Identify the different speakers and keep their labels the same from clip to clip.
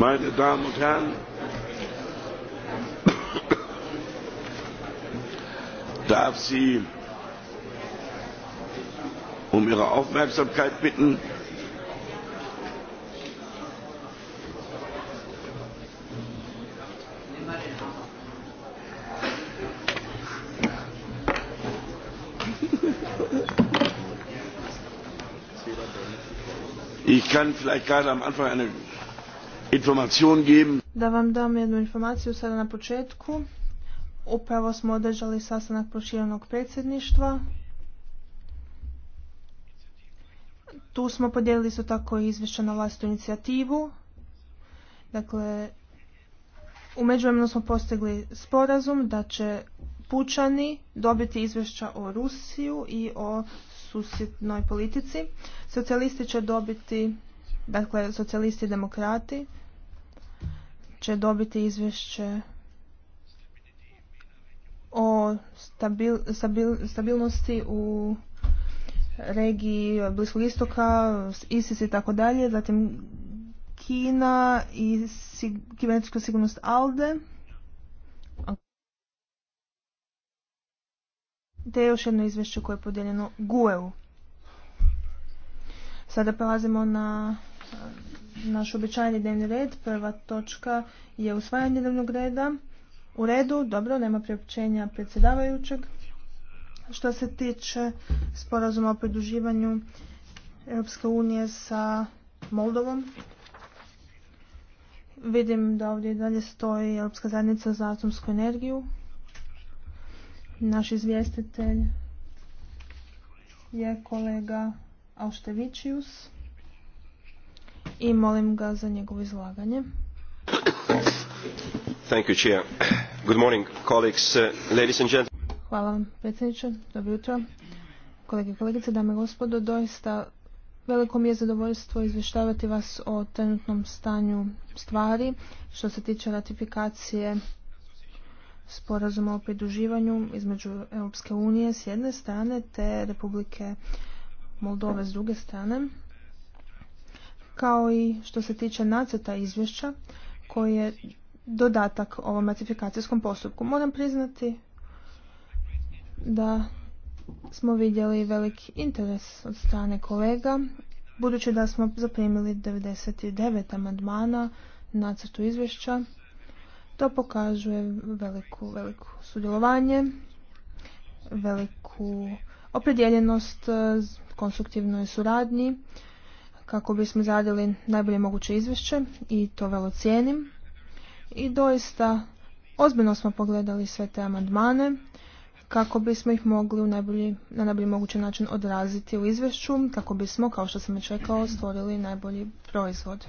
Speaker 1: Meine Damen und Herren, darf Sie um Ihre Aufmerksamkeit bitten. Ich kann vielleicht gerade am Anfang eine
Speaker 2: da vam dam jednu informaciju sada na početku. Upravo smo održali sastanak proširenog predsjedništva. Tu smo podijelili isto tako na vlastitu inicijativu. Dakle, u međuvremenu smo postigli sporazum da će pučani dobiti izvješća o Rusiju i o susjednoj politici. Socijalisti će dobiti Dakle, socijalisti i demokrati će dobiti izvješće o stabil, stabilnosti u regiji Bliskog istoka, ISIS i tako dalje, zatim Kina i sig, kibernetička sigurnost ALDE, te još jedno izvješće koje je podijeljeno GUE-u. Sada prelazimo na naš običajni dnevni red. Prva točka je usvajanje dnevnog reda. U redu, dobro, nema priopćenja predsjedavajućeg. Što se tiče sporazuma o pridruživanju Europske unije sa Moldovom, vidim da ovdje dalje stoji Europska zajednica za atomsku energiju. Naš izvjestitelj je kolega Auštevičius i molim ga za njegovo izlaganje.
Speaker 1: Thank you, Chair. Good morning, colleagues, uh, ladies and gentlemen.
Speaker 2: Hvala vam, predsjedniče. Dobro jutro. Kolege i kolegice, dame i gospodo, doista veliko mi je zadovoljstvo izvještavati vas o trenutnom stanju stvari što se tiče ratifikacije sporazuma o pridruživanju između Europske unije s jedne strane te Republike Moldove s druge strane kao i što se tiče nacrta izvješća koji je dodatak ovom ratifikacijskom postupku. Moram priznati da smo vidjeli velik interes od strane kolega, budući da smo zaprimili 99 amandmana nacrtu izvješća. To pokazuje veliku, veliku sudjelovanje, veliku opredjeljenost konstruktivnoj suradnji kako bismo zadjeli najbolje moguće izvješće i to velo cijenim. I doista ozbiljno smo pogledali sve te amandmane kako bismo ih mogli na najbolji mogući način odraziti u izvješću, kako bismo, kao što sam već rekao, stvorili najbolji proizvod.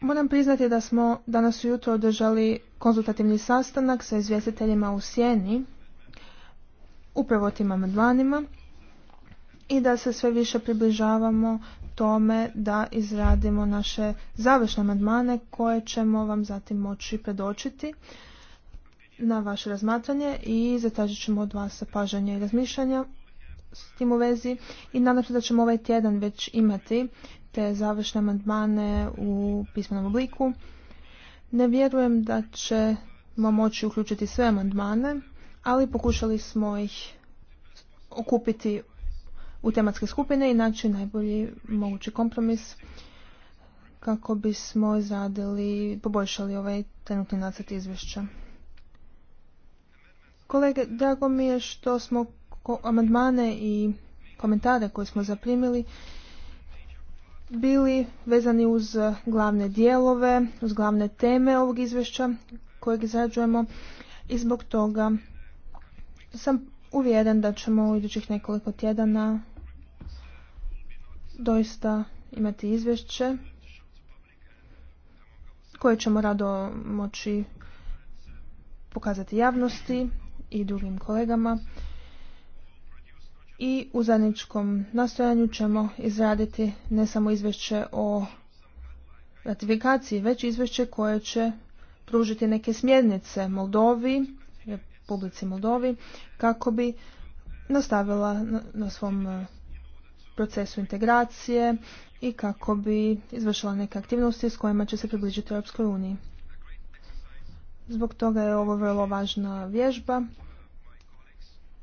Speaker 2: Moram priznati da smo danas ujutro održali konzultativni sastanak sa izvjestiteljima u Sjeni, upravo tim amandmanima i da se sve više približavamo tome da izradimo naše završne amandmane koje ćemo vam zatim moći predočiti na vaše razmatranje i zatražit ćemo od vas pažanje i razmišljanja s tim u vezi i nadam se da ćemo ovaj tjedan već imati te završne amandmane u pismenom obliku. Ne vjerujem da ćemo moći uključiti sve amandmane, ali pokušali smo ih okupiti u tematske skupine i naći najbolji mogući kompromis kako bismo izradili, poboljšali ovaj trenutni nacrt izvješća. Kolege, drago mi je što smo amandmane i komentare koje smo zaprimili bili vezani uz glavne dijelove, uz glavne teme ovog izvješća kojeg izrađujemo i zbog toga sam uvjeren da ćemo u idućih nekoliko tjedana doista imati izvješće koje ćemo rado moći pokazati javnosti i drugim kolegama i u zajedničkom nastojanju ćemo izraditi ne samo izvješće o ratifikaciji, već izvješće koje će pružiti neke smjernice Moldovi, Republici Moldovi, kako bi nastavila na svom procesu integracije i kako bi izvršila neke aktivnosti s kojima će se približiti Europskoj uniji. Zbog toga je ovo vrlo važna vježba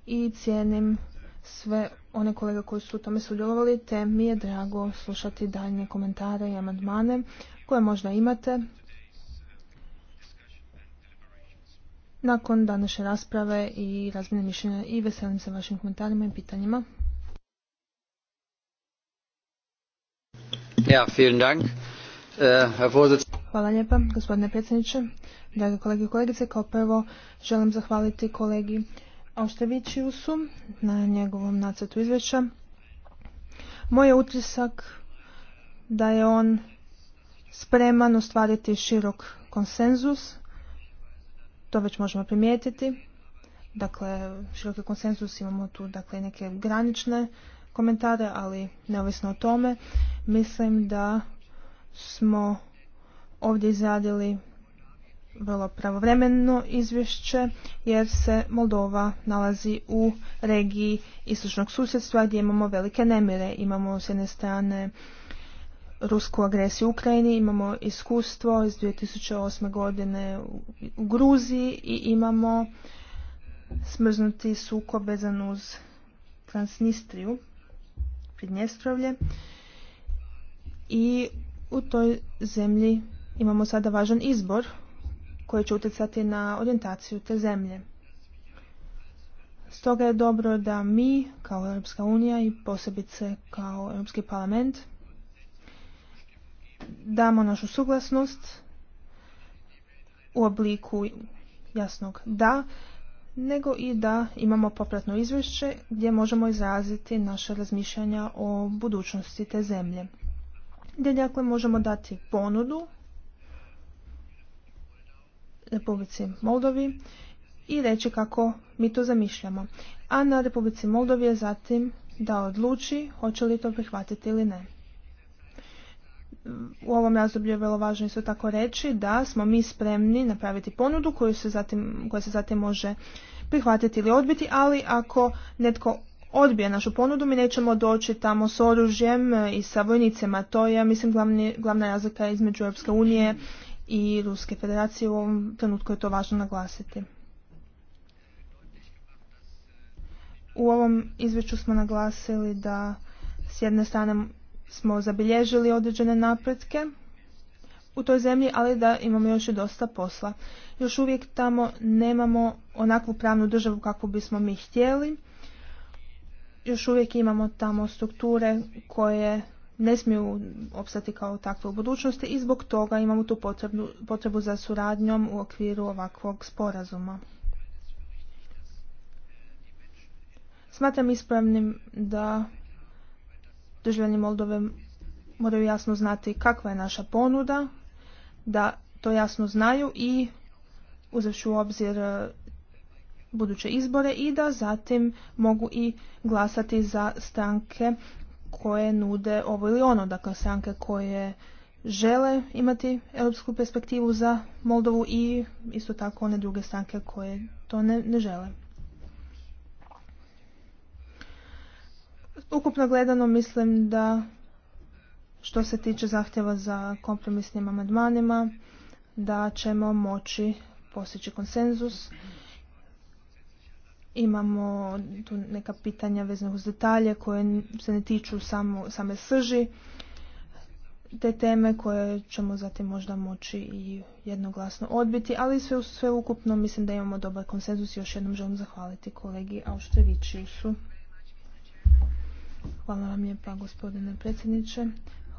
Speaker 2: i cijenim sve one kolega koji su u tome sudjelovali, te mi je drago slušati daljnje komentare i amandmane koje možda imate nakon današnje rasprave i razmjene mišljenja i veselim se vašim komentarima i pitanjima.
Speaker 1: Äh,
Speaker 2: Hvala lijepa, gospodine predsjedniče. Drage kolege i kolegice, kao prvo želim zahvaliti kolegi auštrevičiusu na njegovom nacrtu izvješća. Moj je utisak da je on spreman ostvariti širok konsenzus, to već možemo primijetiti. Dakle, široki konsenzus imamo tu dakle, neke granične komentare, ali neovisno o tome, mislim da smo ovdje izradili vrlo pravovremeno izvješće jer se Moldova nalazi u regiji istočnog susjedstva gdje imamo velike nemire. Imamo s jedne strane rusku agresiju u Ukrajini, imamo iskustvo iz 2008. godine u Gruziji i imamo smrznuti sukob vezan uz Transnistriju. Pridnjestrovlje i u toj zemlji imamo sada važan izbor koji će utjecati na orijentaciju te zemlje. Stoga je dobro da mi kao Europska unija i posebice kao Europski parlament damo našu suglasnost u obliku jasnog da nego i da imamo popratno izvješće gdje možemo izraziti naše razmišljanja o budućnosti te zemlje. Gdje dakle možemo dati ponudu Republici Moldovi i reći kako mi to zamišljamo. A na Republici Moldovi je zatim da odluči hoće li to prihvatiti ili ne u ovom razdoblju je vrlo važno isto tako reći da smo mi spremni napraviti ponudu koju se zatim, koja se zatim može prihvatiti ili odbiti, ali ako netko odbije našu ponudu, mi nećemo doći tamo s oružjem i sa vojnicima. To je, mislim, glavni, glavna razlika između Europske unije i Ruske federacije. U ovom trenutku je to važno naglasiti. U ovom izveću smo naglasili da s jedne strane smo zabilježili određene napretke u toj zemlji, ali da imamo još i dosta posla. Još uvijek tamo nemamo onakvu pravnu državu kakvu bismo mi htjeli. Još uvijek imamo tamo strukture koje ne smiju opstati kao takve u budućnosti i zbog toga imamo tu potrebu, potrebu za suradnjom u okviru ovakvog sporazuma. Smatram ispravnim da državljani Moldove moraju jasno znati kakva je naša ponuda, da to jasno znaju i uzevši u obzir e, buduće izbore i da zatim mogu i glasati za stranke koje nude ovo ili ono, dakle stranke koje žele imati europsku perspektivu za Moldovu i isto tako one druge stranke koje to ne žele. Ukupno gledano mislim da što se tiče zahtjeva za kompromisnim amandmanima da ćemo moći postići konsenzus. Imamo tu neka pitanja vezana uz detalje koje se ne tiču samo, same srži te teme koje ćemo zatim možda moći i jednoglasno odbiti, ali sve, sve ukupno mislim da imamo dobar konsenzus. Još jednom želim zahvaliti kolegi Auštrevićiusu. Hvala vam lijepa gospodine predsjedniče.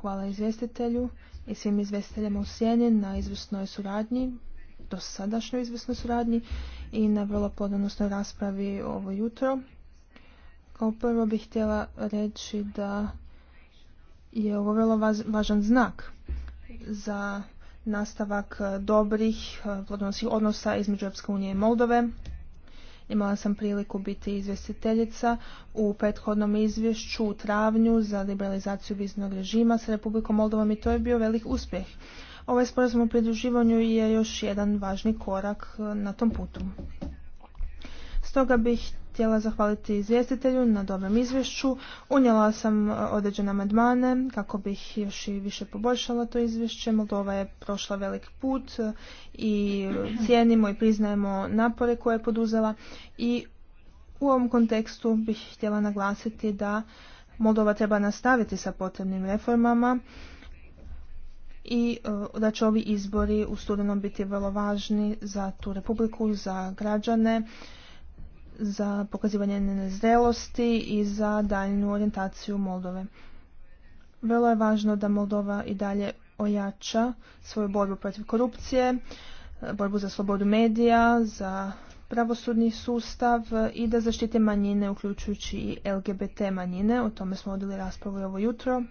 Speaker 2: Hvala izvjestitelju i svim izvjestiteljima u Sjeni na izvrsnoj suradnji, dosadašnjoj izvrsnoj suradnji i na vrlo plodonosnoj raspravi ovo jutro. Kao prvo bih htjela reći da je ovo vrlo važan znak za nastavak dobrih eh, odnosa između Europske unije i Moldove Imala sam priliku biti izvjestiteljica u prethodnom izvješću u travnju za liberalizaciju viznog režima sa Republikom Moldovom i to je bio velik uspjeh. Ovaj sporazum o pridruživanju je još jedan važni korak na tom putu. Stoga bih htjela zahvaliti izvjestitelju na dobrom izvješću. Unijela sam e, određene amandmane kako bih još i više poboljšala to izvješće. Moldova je prošla velik put e, i cijenimo i priznajemo napore koje je poduzela i u ovom kontekstu bih htjela naglasiti da Moldova treba nastaviti sa potrebnim reformama i e, da će ovi izbori u studenom biti vrlo važni za tu republiku, za građane za pokazivanje njene i za daljnu orijentaciju Moldove. Vrlo je važno da Moldova i dalje ojača svoju borbu protiv korupcije, borbu za slobodu medija, za pravosudni sustav i da zaštite manjine, uključujući i LGBT manjine. O tome smo odili raspravu i ovo jutro.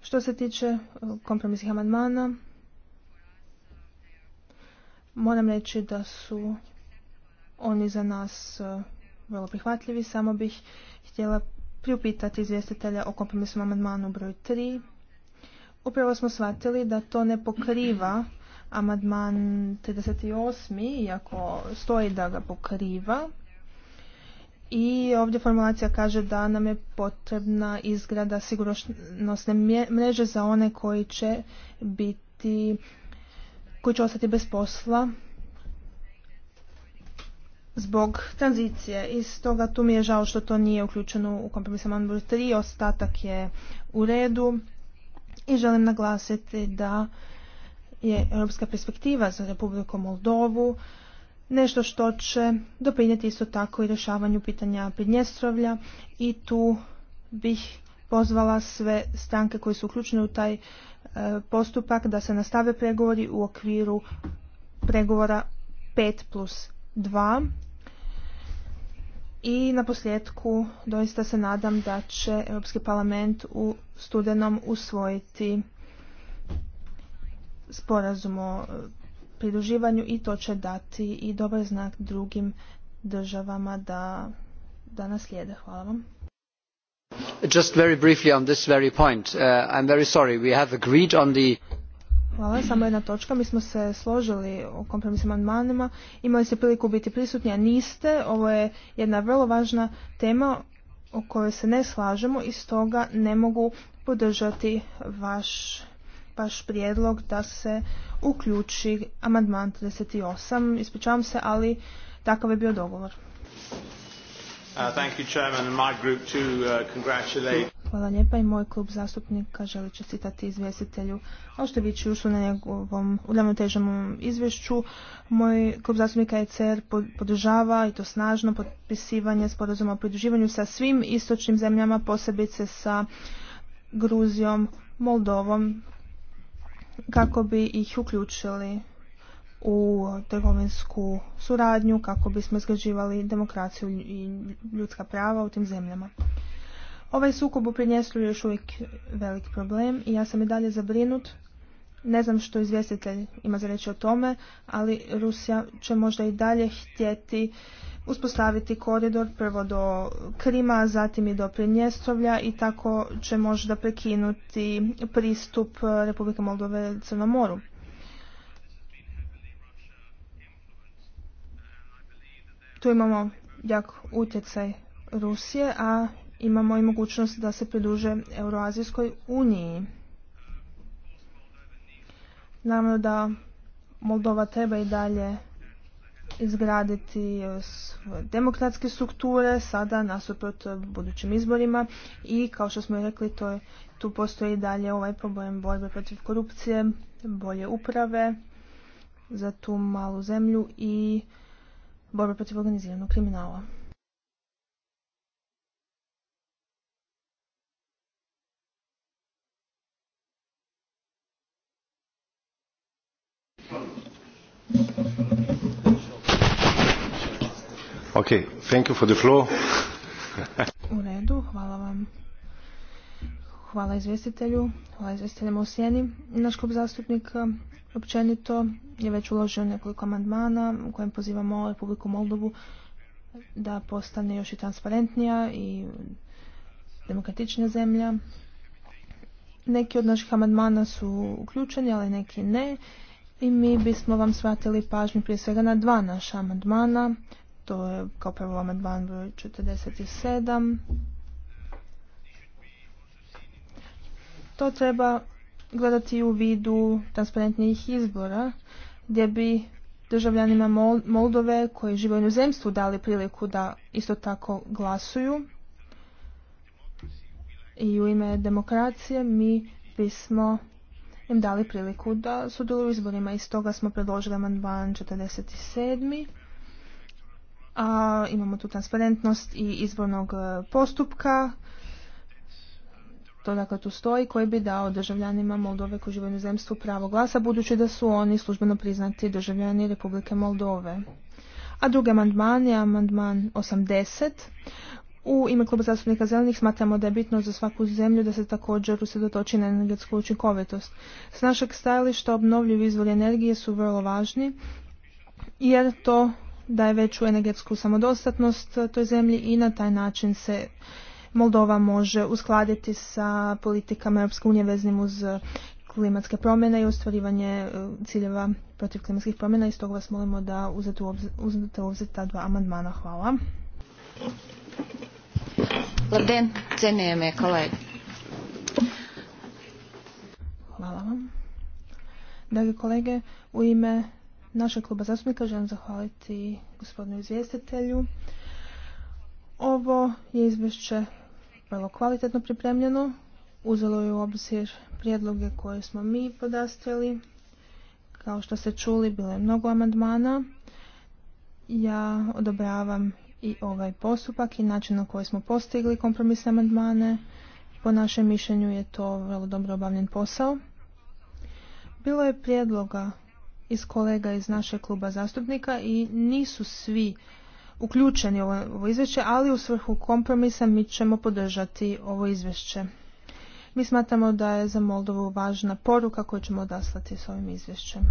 Speaker 2: Što se tiče uh, kompromisnih amandmana, moram reći da su oni za nas e, vrlo prihvatljivi. Samo bih htjela priupitati izvjestitelja o kompromisnom amandmanu broj 3. Upravo smo shvatili da to ne pokriva amandman 38. iako stoji da ga pokriva. I ovdje formulacija kaže da nam je potrebna izgrada sigurnosne mreže za one koji će biti koji će ostati bez posla zbog tranzicije i stoga tu mi je žao što to nije uključeno u kompromis amandman 3, ostatak je u redu i želim naglasiti da je europska perspektiva za Republiku Moldovu nešto što će doprinijeti isto tako i rješavanju pitanja Pridnjestrovlja i tu bih pozvala sve stranke koje su uključene u taj e, postupak da se nastave pregovori u okviru pregovora 5 2. I na posljedku doista se nadam da će Europski parlament u studenom usvojiti sporazum o e, pridruživanju i to će dati i dobar znak drugim državama da, da nas slijede. Hvala vam.
Speaker 3: Just very briefly on this very point. Uh, I'm very sorry. We have agreed on the
Speaker 2: Hvala, samo jedna točka. Mi smo se složili o kompromisnim amandmanima. Imali ste priliku biti prisutni, a niste. Ovo je jedna vrlo važna tema o kojoj se ne slažemo i stoga ne mogu podržati vaš, prijedlog da se uključi amandman 38. Ispričavam se, ali takav je bio dogovor. Uh, thank you, Chairman, my uh, Hvala lijepa i moj klub zastupnika želi citati izvjestitelju. a što na njegovom uravnoteženom izvješću, moj klub zastupnika ECR podržava i to snažno potpisivanje sporazuma o pridruživanju sa svim istočnim zemljama, posebice sa Gruzijom, Moldovom, kako bi ih uključili u trgovinsku suradnju kako bismo izgrađivali demokraciju i ljudska prava u tim zemljama. Ovaj sukob u Prinjestru je još uvijek velik problem i ja sam i dalje zabrinut. Ne znam što izvjestitelj ima za reći o tome, ali Rusija će možda i dalje htjeti uspostaviti koridor prvo do Krima, zatim i do Prinjestrovlja i tako će možda prekinuti pristup Republike Moldove Crnom moru. Tu imamo jak utjecaj Rusije, a imamo i mogućnost da se pridruže Euroazijskoj uniji. Naravno da Moldova treba i dalje izgraditi eh, demokratske strukture sada nasuprot budućim izborima i kao što smo rekli to je, tu postoji i dalje ovaj problem borbe protiv korupcije, bolje uprave za tu malu zemlju i borbe protiv organiziranog kriminala. U redu, hvala vam. Hvala izvjestitelju, hvala izvjestiteljima u sjeni. Naš klub zastupnika općenito je već uložio nekoliko amandmana u kojem pozivamo Republiku Moldovu da postane još i transparentnija i demokratičnija zemlja. Neki od naših amandmana su uključeni, ali neki ne. I mi bismo vam shvatili pažnju prije svega na dva naša amandmana. To je kao prvo amandman broj 47. To treba gledati u vidu transparentnijih izbora gdje bi državljanima Moldove koji žive u inozemstvu dali priliku da isto tako glasuju i u ime demokracije mi bismo im dali priliku da sudjeluju u izborima i stoga smo predložili amandman 47. A, imamo tu transparentnost i izbornog e, postupka to dakle tu stoji koji bi dao državljanima Moldove koji žive u inozemstvu pravo glasa budući da su oni službeno priznati državljani Republike Moldove. A drugi amandman je amandman 80 u ime kluba zastupnika zelenih smatramo da je bitno za svaku zemlju da se također usredotoči na energetsku učinkovitost. S našeg stajališta obnovljivi izvori energije su vrlo važni jer to daje veću energetsku samodostatnost toj zemlji i na taj način se Moldova može uskladiti sa politikama Europske unije veznim uz klimatske promjene i ostvarivanje e, ciljeva protiv klimatskih promjena i stoga vas molimo da uzete u obzir ta dva amandmana. Hvala. Hvala vam. Dragi kolege, u ime našeg kluba zastupnika želim zahvaliti gospodinu izvjestitelju. Ovo je izvješće vrlo kvalitetno pripremljeno. Uzelo je u obzir prijedloge koje smo mi podastrili. Kao što ste čuli, bilo je mnogo amandmana. Ja odobravam i ovaj postupak i način na koji smo postigli kompromisne amandmane. Po našem mišljenju je to vrlo dobro obavljen posao. Bilo je prijedloga iz kolega iz našeg kluba zastupnika i nisu svi uključeni u ovo izvješće, ali u svrhu kompromisa mi ćemo podržati ovo izvješće. Mi smatramo da je za Moldovu važna poruka koju ćemo odaslati s ovim izvješćem.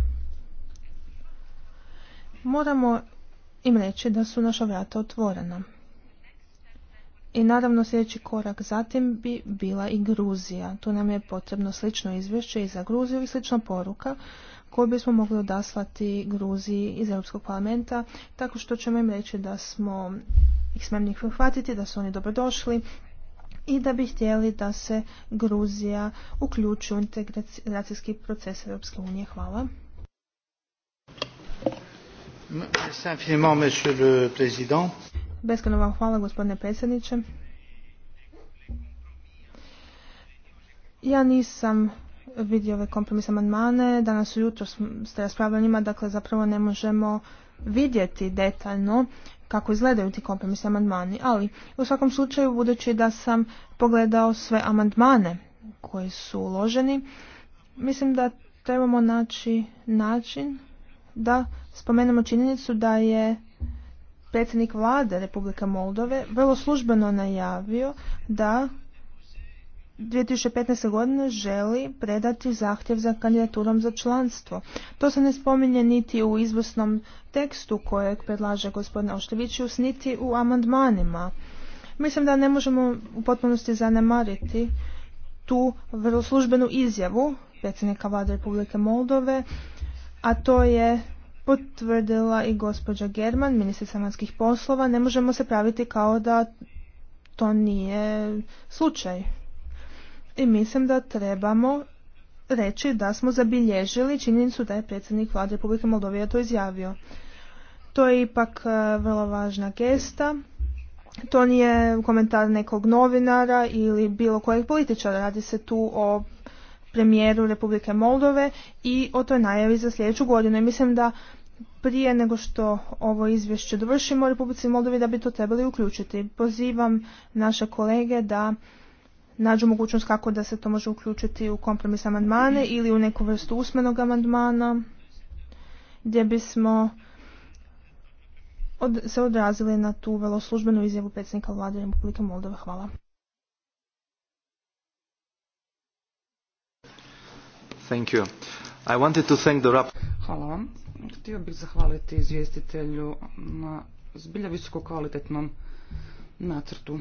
Speaker 2: Moramo im reći da su naša vrata otvorena. I naravno sljedeći korak zatim bi bila i Gruzija. Tu nam je potrebno slično izvješće i za Gruziju i slična poruka koju bismo mogli odaslati Gruziji iz Europskog parlamenta tako što ćemo im reći da smo ih smemnih prihvatiti, da su oni dobrodošli i da bi htjeli da se Gruzija uključi u integracijski proces Europske unije. Hvala. Beskreno vam hvala gospodine predsjedniče. Ja nisam vidio ove kompromis amandmane, danas ujutro ste raspravljali njima, dakle zapravo ne možemo vidjeti detaljno kako izgledaju ti kompromisni amandmani, ali u svakom slučaju budući da sam pogledao sve amandmane koji su uloženi, mislim da trebamo naći način da spomenemo činjenicu da je predsjednik vlade Republike Moldove vrlo službeno najavio da 2015. godine želi predati zahtjev za kandidaturom za članstvo. To se ne spominje niti u izvrsnom tekstu kojeg predlaže gospodina Oštevićius, niti u amandmanima. Mislim da ne možemo u potpunosti zanemariti tu vrlo službenu izjavu predsjednika vlade Republike Moldove a to je potvrdila i gospođa German, ministrica vanjskih poslova. Ne možemo se praviti kao da to nije slučaj. I mislim da trebamo reći da smo zabilježili činjenicu da je predsjednik vlade Republike Moldovije to izjavio. To je ipak e, vrlo važna gesta. To nije komentar nekog novinara ili bilo kojeg političara. Radi se tu o premijeru Republike Moldove i o toj najavi za sljedeću godinu. I mislim da prije nego što ovo izvješće dovršimo u Republici Moldovi da bi to trebali uključiti. Pozivam naše kolege da nađu mogućnost kako da se to može uključiti u kompromis amandmane ili u neku vrstu usmenog amandmana gdje bismo se odrazili na tu veloslužbenu izjavu predsjednika vlade Republike Moldove. Hvala.
Speaker 1: Thank you. Hvala vam. Htio bih zahvaliti izvjestitelju na zbilja visoko kvalitetnom nacrtu.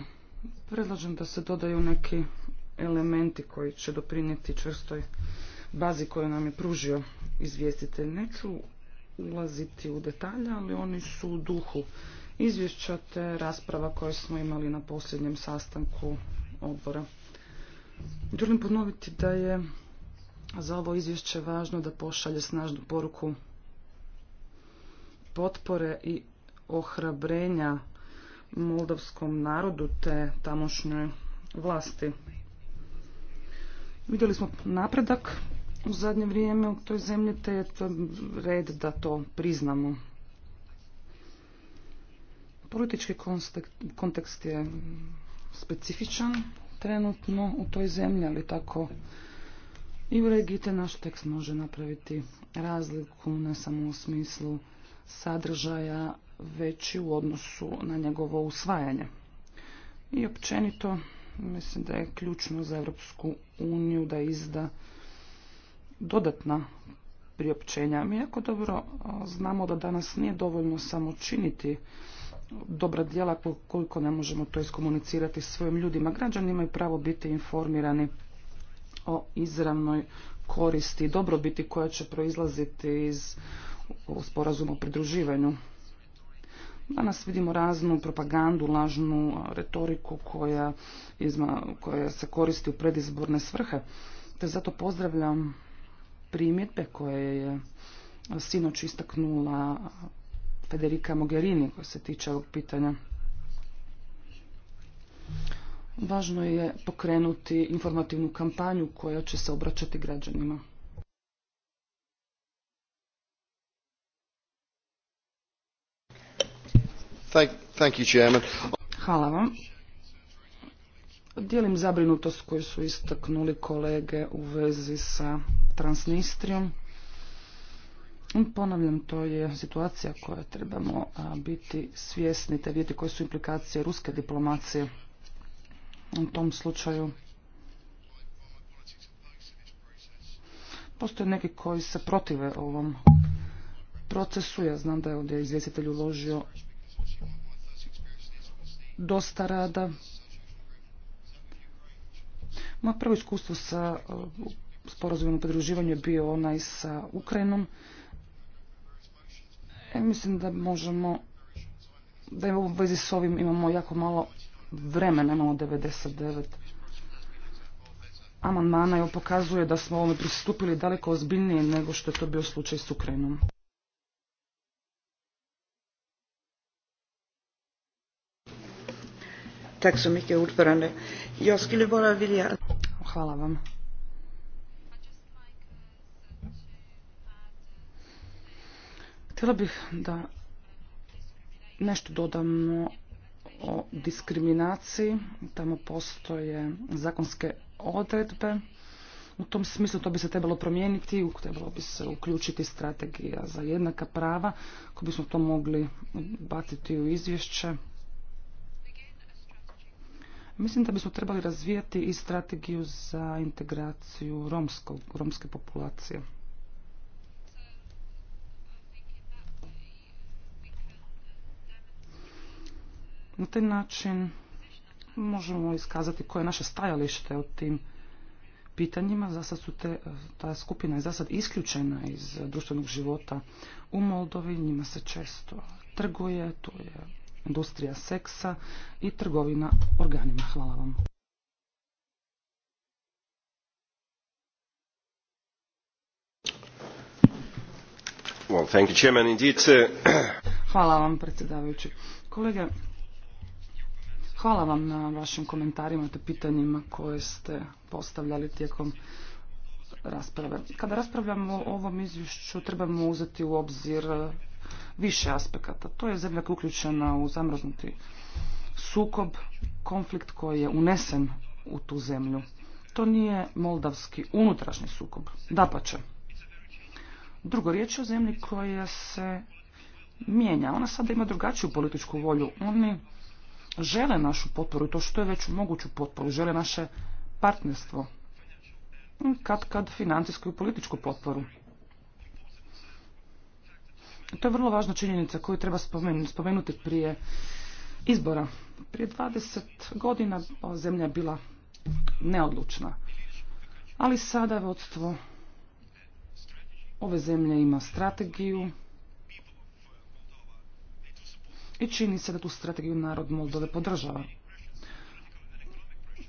Speaker 1: Predlažem da se dodaju neki elementi koji će doprinijeti čvrstoj bazi koju nam je pružio izvjestitelj. Neću ulaziti u detalje, ali oni su u duhu izvješća te rasprava koje smo imali na posljednjem sastanku odbora. Želim ponoviti da je za ovo izvješće važno da pošalje snažnu poruku potpore i ohrabrenja moldavskom narodu te tamošnjoj vlasti. Vidjeli smo napredak u zadnje vrijeme u toj zemlji, te je to red da to priznamo. Politički kontekst je specifičan trenutno u toj zemlji, ali tako i u Regite naš tekst može napraviti razliku ne samo u smislu sadržaja, već i u odnosu na njegovo usvajanje. I općenito, mislim da je ključno za Europsku uniju da izda dodatna priopćenja. Mi jako dobro znamo da danas nije dovoljno samo činiti dobra djela koliko ne možemo to iskomunicirati svojim ljudima. Građani imaju pravo biti informirani o izravnoj koristi i dobrobiti koja će proizlaziti iz sporazuma o pridruživanju. Danas vidimo raznu propagandu, lažnu retoriku koja, izma, koja se koristi u predizborne svrhe. Te zato pozdravljam primjetbe koje je sinoć istaknula Federica Mogherini koja se tiče ovog pitanja. Važno je pokrenuti informativnu kampanju koja će se obraćati građanima. Hvala vam. Dijelim zabrinutost koju su istaknuli kolege u vezi sa Transnistrijom. Ponavljam, to je situacija koja trebamo biti svjesni, te vidjeti koje su implikacije ruske diplomacije u tom slučaju. Postoje neki koji se protive ovom procesu. Ja znam da je ovdje izvjestitelj uložio dosta rada. Moje prvo iskustvo sa sporazumom podruživanjem pridruživanju je bio onaj sa Ukrajinom. E, mislim da možemo, da u vezi s ovim imamo jako malo vremena, imamo 99 amandmana joj pokazuje da smo ovome pristupili daleko ozbiljnije nego što je to bio slučaj s Ukrajinom. Tack så mycket ordförande. Jag skulle bara vilja... Hvala vam. Htjela bih da nešto dodamo o diskriminaciji, tamo postoje zakonske odredbe. U tom smislu to bi se trebalo promijeniti, trebalo bi se uključiti strategija za jednaka prava, ako bismo to mogli baciti u izvješće. Mislim da bismo trebali razvijati i strategiju za integraciju romske populacije. Na taj način možemo iskazati koje je naše stajalište o tim pitanjima. Zasad su te, ta skupina je sad isključena iz društvenog života u Moldovi. Njima se često trguje, to je industrija seksa i trgovina organima. Hvala vam. Uh, Hvala vam, predsjedavajući. Kolega, Hvala vam na vašim komentarima te pitanjima koje ste postavljali tijekom rasprave. Kada raspravljamo o ovom izvješću trebamo uzeti u obzir više aspekata. To je zemlja koja je uključena u zamrznuti sukob, konflikt koji je unesen u tu zemlju. To nije moldavski unutrašnji sukob. Dapače. Drugo, riječ je o zemlji koja se mijenja. Ona sada ima drugačiju političku volju. Oni žele našu potporu i to što je već moguću potporu, žele naše partnerstvo, kad kad financijsku i političku potporu. To je vrlo važna činjenica koju treba spomenuti prije izbora. Prije 20 godina zemlja je bila neodlučna. Ali sada vodstvo ove zemlje ima strategiju, i čini se da tu strategiju narod Moldove podržava.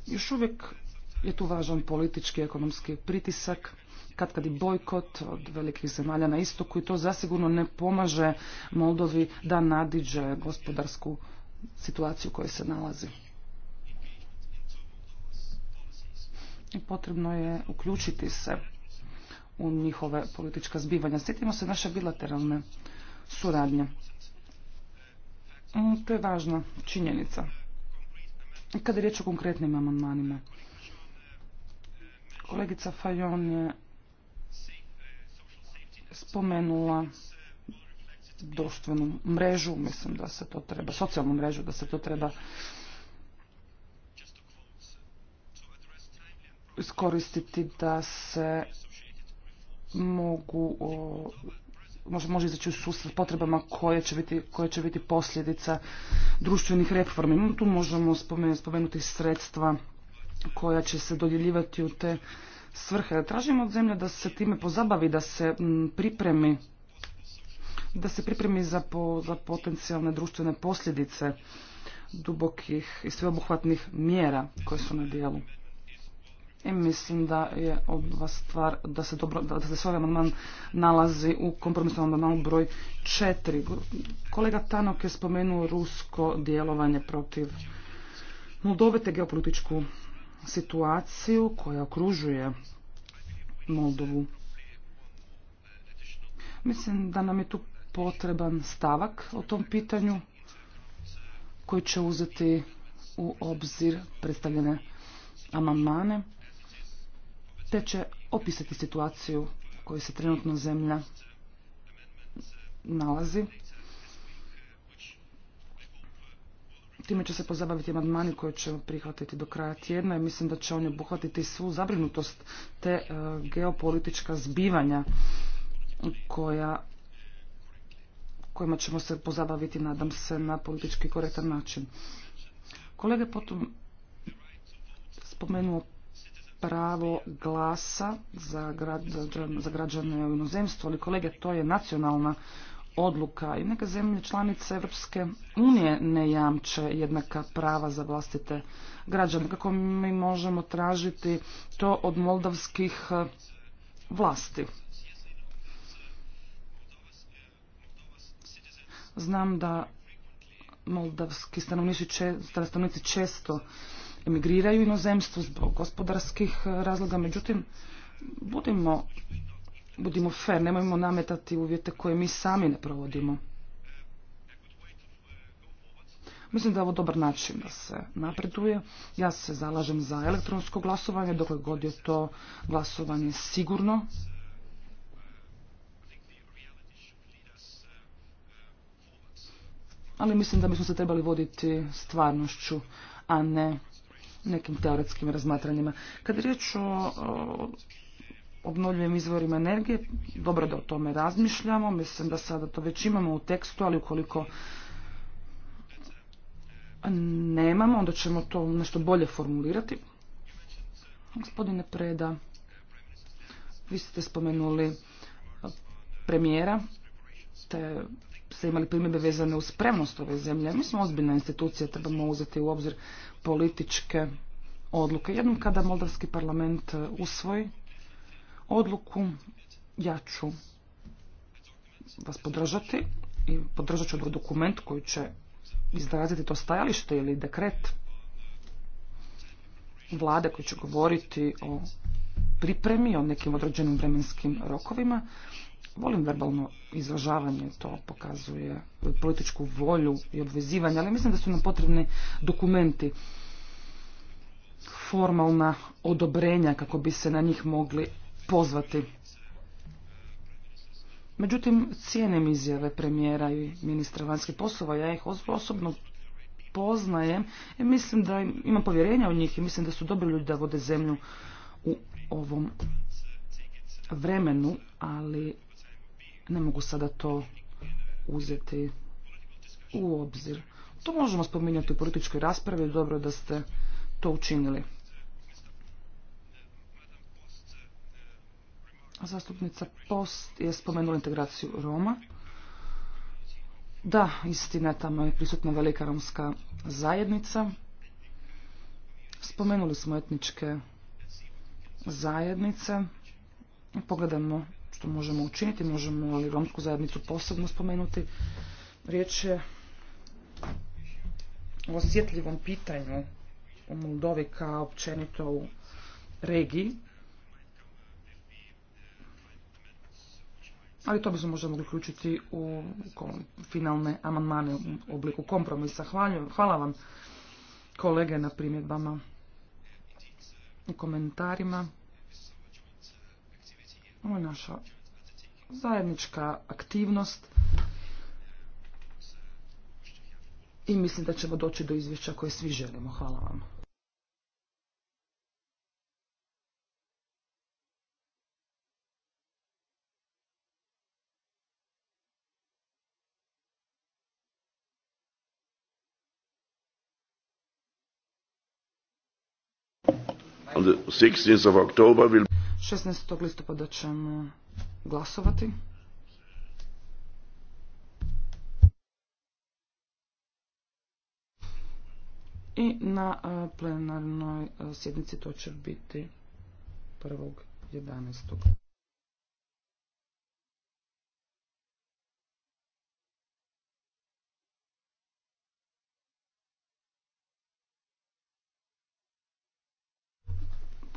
Speaker 1: Još uvijek je tu važan politički i ekonomski pritisak, kad kad i bojkot od velikih zemalja na istoku i to zasigurno ne pomaže Moldovi da nadiđe gospodarsku situaciju u kojoj se nalazi. I potrebno je uključiti se u njihove politička zbivanja. Sjetimo se naše bilateralne suradnje. Mm, to je važna činjenica. Kada je riječ o konkretnim amandmanima, kolegica Fajon je spomenula društvenu mrežu, mislim da se to treba, socijalnu mrežu, da se to treba iskoristiti da se mogu može, može izaći u susret potrebama koje će biti, koje će biti posljedica društvenih reformi. Tu možemo spomenuti sredstva koja će se dodjeljivati u te svrhe. Tražimo od zemlje da se time pozabavi, da se pripremi da se pripremi za, za potencijalne društvene posljedice dubokih i sveobuhvatnih mjera koje su na dijelu. I mislim da je ova stvar, da se, dobro, da se svoj amandman nalazi u kompromisnom amandmanu broj četiri. Kolega Tanok je spomenuo rusko djelovanje protiv Moldove geopolitičku situaciju koja okružuje Moldovu. Mislim da nam je tu potreban stavak o tom pitanju koji će uzeti u obzir predstavljene amandmane te će opisati situaciju u kojoj se trenutno zemlja nalazi. Time će se pozabaviti amandmani koje ćemo prihvatiti do kraja tjedna i mislim da će oni obuhvatiti svu zabrinutost te e, geopolitička zbivanja koja kojima ćemo se pozabaviti, nadam se, na politički korektan način. Kolega potom spomenuo pravo glasa za, za građane u inozemstvu, ali kolege, to je nacionalna odluka i neka zemlje članice Europske unije ne jamče jednaka prava za vlastite građane. Kako mi možemo tražiti to od moldavskih e, vlasti? Znam da moldavski stanovnici često emigriraju u inozemstvu zbog gospodarskih e, razloga. Međutim, budimo, budimo fair, nemojmo nametati uvjete koje mi sami ne provodimo. Mislim da je ovo dobar način da se napreduje. Ja se zalažem za elektronsko glasovanje, dok god je to glasovanje sigurno. Ali mislim da bismo se trebali voditi stvarnošću, a ne nekim teoretskim razmatranjima. Kad je riječ o obnovljivim izvorima energije, dobro da o tome razmišljamo, mislim da sada to već imamo u tekstu, ali ukoliko nemamo, onda ćemo to nešto bolje formulirati. Gospodine Preda, vi ste spomenuli premijera, te se imali primjebe vezane uz spremnost ove zemlje. Mi smo ozbiljna institucija, trebamo uzeti u obzir političke odluke. Jednom kada Moldavski parlament e, usvoji odluku, ja ću vas podržati i podržat ću ovaj dokument koji će izraziti to stajalište ili dekret vlade koji će govoriti o pripremi, o nekim određenim vremenskim rokovima. Volim verbalno izražavanje, to pokazuje političku volju i obvezivanje, ali mislim da su nam potrebni dokumenti, formalna odobrenja kako bi se na njih mogli pozvati. Međutim, cijenim izjave premijera i ministra vanjskih poslova, ja ih osobno poznajem i mislim da imam povjerenja u njih i mislim da su dobri ljudi da vode zemlju u ovom vremenu, ali ne mogu sada to uzeti u obzir. To možemo spominjati u političkoj raspravi, dobro da ste to učinili. Zastupnica Post je spomenula integraciju Roma. Da, istina, tamo je prisutna velika romska zajednica. Spomenuli smo etničke zajednice. Pogledajmo što možemo učiniti, možemo ali romsku zajednicu posebno spomenuti. Riječ je o osjetljivom pitanju u Moldovi kao općenito u regiji. Ali to bismo možda mogli uključiti u finalne amandmane u obliku kompromisa. hvala vam kolege na primjedbama i komentarima. Ovo je naša zajednička aktivnost i mislim da ćemo doći do izvješća koje svi želimo. Hvala vam. On the 16th of October will 16. listopada ćemo glasovati. I na e, plenarnoj e, sjednici to će biti 1.11.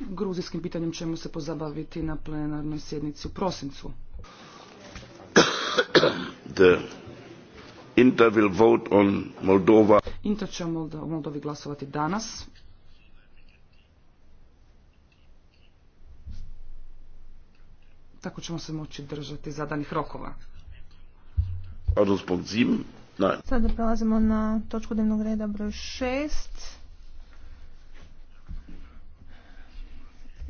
Speaker 1: gruzijskim pitanjem ćemo se pozabaviti na plenarnoj sjednici u prosincu. Inter on Moldova. će o Moldovi glasovati danas. Tako ćemo se moći držati zadanih rokova.
Speaker 2: Sada prelazimo na točku dnevnog reda broj šest.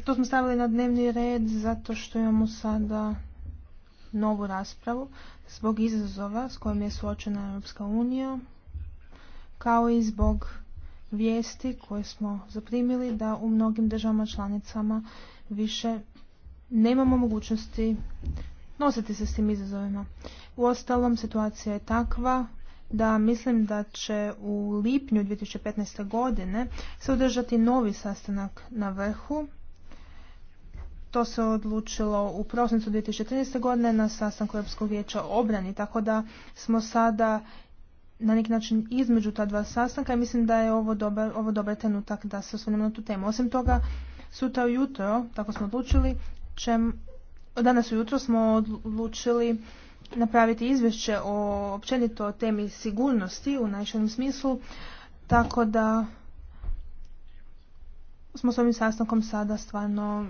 Speaker 2: To smo stavili na dnevni red zato što imamo sada novu raspravu zbog izazova s kojim je suočena Europska unija, kao i zbog vijesti koje smo zaprimili da u mnogim državama članicama više nemamo mogućnosti nositi se s tim izazovima. U ostalom, situacija je takva da mislim da će u lipnju 2015. godine se održati novi sastanak na vrhu to se odlučilo u prosincu 2013. godine na sastanku Europskog vijeća obrani, tako da smo sada na neki način između ta dva sastanka i mislim da je ovo dobar, ovo dobar trenutak da se osvrnemo na tu temu. Osim toga, sutra ujutro, tako smo odlučili, čem, danas ujutro smo odlučili napraviti izvješće o općenito o temi sigurnosti u najširem smislu, tako da smo s ovim sastankom sada stvarno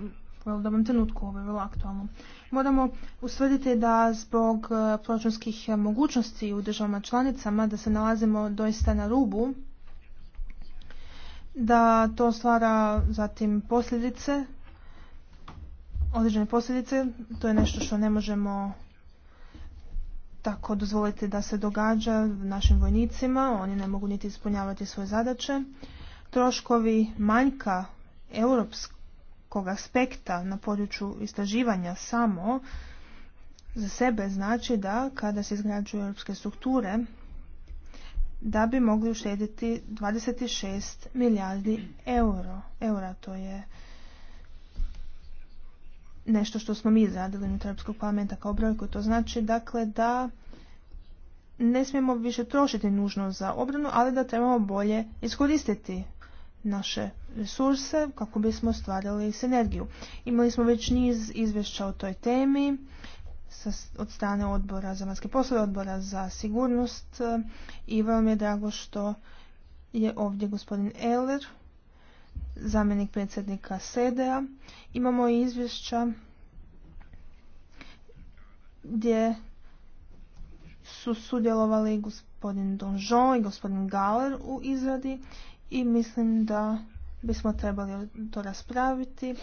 Speaker 2: u dobrom trenutku, ovo je vrlo aktualno. Moramo usvrditi da zbog e, proračunskih e, mogućnosti u državama članicama da se nalazimo doista na rubu, da to stvara zatim posljedice, određene posljedice, to je nešto što ne možemo tako dozvoliti da se događa našim vojnicima, oni ne mogu niti ispunjavati svoje zadaće. Troškovi manjka europskog aspekta na području istraživanja samo za sebe znači da kada se izgrađuju europske strukture da bi mogli uštediti 26 milijardi euro. eura. To je nešto što smo mi izradili u Europskog parlamenta kao brojku. To znači dakle da ne smijemo više trošiti nužno za obranu, ali da trebamo bolje iskoristiti naše resurse kako bismo stvarili sinergiju. Imali smo već niz izvješća o toj temi od strane odbora za vanjske poslove, odbora za sigurnost eh, i vrlo mi je drago što je ovdje gospodin Eller, zamjenik predsjednika SEDEA. Imamo i izvješća gdje su sudjelovali gospodin Donjon i gospodin Galer u izradi i mislim da bismo trebali to raspraviti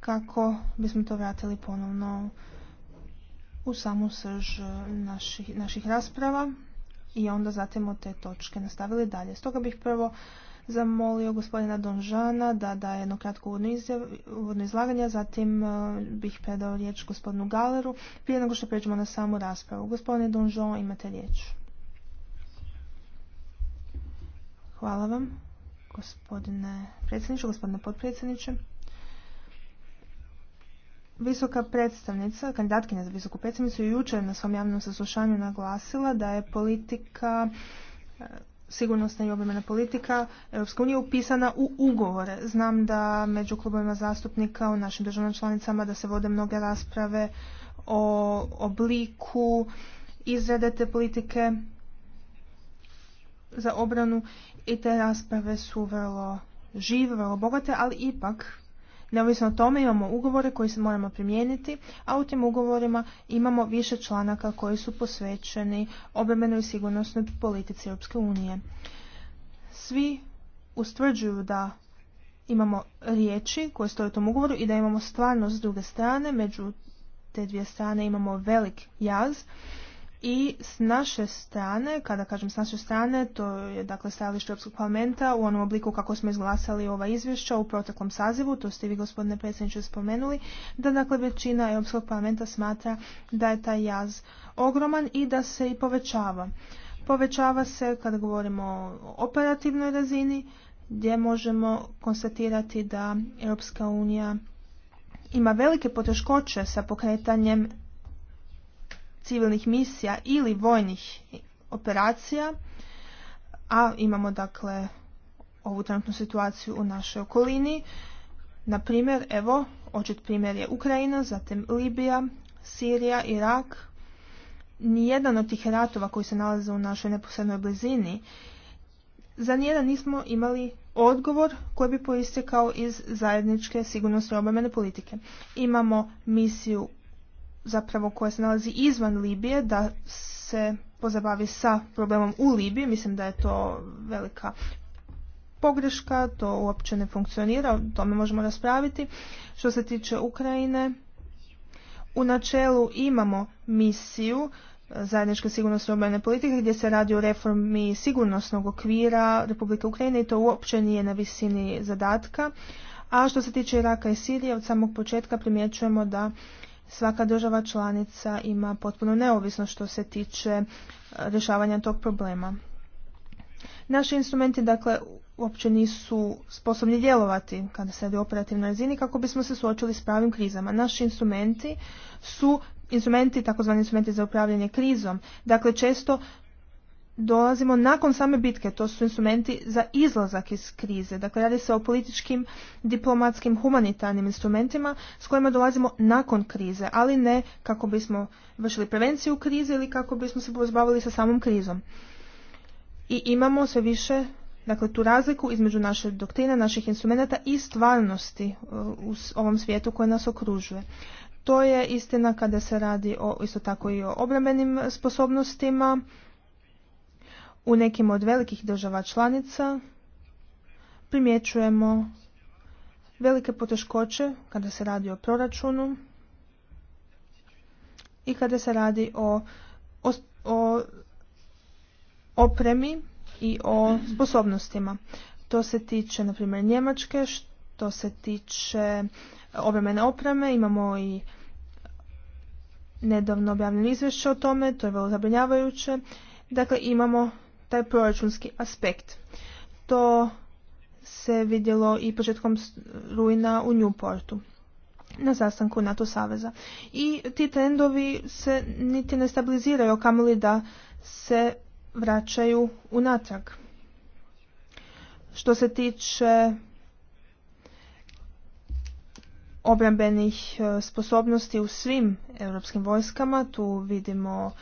Speaker 2: kako bismo to vratili ponovno u samu srž naših, naših rasprava i onda zatim od te točke nastavili dalje. Stoga bih prvo zamolio gospodina Donžana da daje jedno kratko uvodno izlaganje, zatim e, bih predao riječ gospodinu Galeru prije nego što pređemo na samu raspravu. Gospodine Donžon, imate riječ. Hvala vam. Gospodine predsjedniče, gospodine potpredsjedniče. Visoka predstavnica, kandidatkinja za visoku predstavnicu, jučer na svom javnom saslušanju naglasila da je politika e, sigurnosna i obrambena politika Europske unija upisana u ugovore. Znam da među klubovima zastupnika u našim državnim članicama da se vode mnoge rasprave o obliku izrade te politike, za obranu i te rasprave su vrlo žive, vrlo bogate, ali ipak Neovisno o tome imamo ugovore koji se moramo primijeniti, a u tim ugovorima imamo više članaka koji su posvećeni obrambenoj i sigurnosnoj politici Europske unije. Svi ustvrđuju da imamo riječi koje stoje u tom ugovoru i da imamo stvarnost s druge strane, među te dvije strane imamo velik jaz i s naše strane, kada kažem s naše strane, to je dakle stajalište Europskog parlamenta u onom obliku kako smo izglasali ova izvješća u proteklom sazivu, to ste vi gospodine predsjedniče spomenuli, da dakle većina Europskog parlamenta smatra da je taj jaz ogroman i da se i povećava. Povećava se kada govorimo o operativnoj razini gdje možemo konstatirati da Europska unija ima velike poteškoće sa pokretanjem civilnih misija ili vojnih operacija, a imamo dakle ovu trenutnu situaciju u našoj okolini. Na primjer, evo, očit primjer je Ukrajina, zatim Libija, Sirija, Irak. Nijedan od tih ratova koji se nalaze u našoj neposrednoj blizini, za nijedan nismo imali odgovor koji bi poistekao iz zajedničke sigurnosne obamene politike. Imamo misiju zapravo koja se nalazi izvan Libije da se pozabavi sa problemom u Libiji. Mislim da je to velika pogreška, to uopće ne funkcionira, o tome možemo raspraviti. Što se tiče Ukrajine, u načelu imamo misiju e, zajedničke sigurnosne obrane politike gdje se radi o reformi sigurnosnog okvira Republike Ukrajine i to uopće nije na visini zadatka. A što se tiče Iraka i Sirije, od samog početka primjećujemo da svaka država članica ima potpuno neovisno što se tiče e, rješavanja tog problema. Naši instrumenti dakle uopće nisu sposobni djelovati kada se radi o operativnoj razini kako bismo se suočili s pravim krizama. Naši instrumenti su instrumenti, takozvani instrumenti za upravljanje krizom. Dakle, često dolazimo nakon same bitke, to su instrumenti za izlazak iz krize. Dakle, radi se o političkim, diplomatskim, humanitarnim instrumentima s kojima dolazimo nakon krize, ali ne kako bismo vršili prevenciju krize ili kako bismo se pozbavili sa samom krizom. I imamo sve više dakle, tu razliku između naše doktrine, naših instrumenta i stvarnosti uh, u ovom svijetu koje nas okružuje. To je istina kada se radi o, isto tako i o obrambenim uh, sposobnostima, u nekim od velikih država članica primjećujemo velike poteškoće kada se radi o proračunu i kada se radi o, opremi i o sposobnostima. To se tiče, na primjer, Njemačke, što se tiče obremene opreme, imamo i nedavno objavljeno izvješće o tome, to je vrlo zabrinjavajuće. Dakle, imamo taj proračunski aspekt. To se vidjelo i početkom rujna u Newportu na sastanku NATO saveza. I ti trendovi se niti ne stabiliziraju, kamoli da se vraćaju unatrag. Što se tiče obrambenih e, sposobnosti u svim europskim vojskama, tu vidimo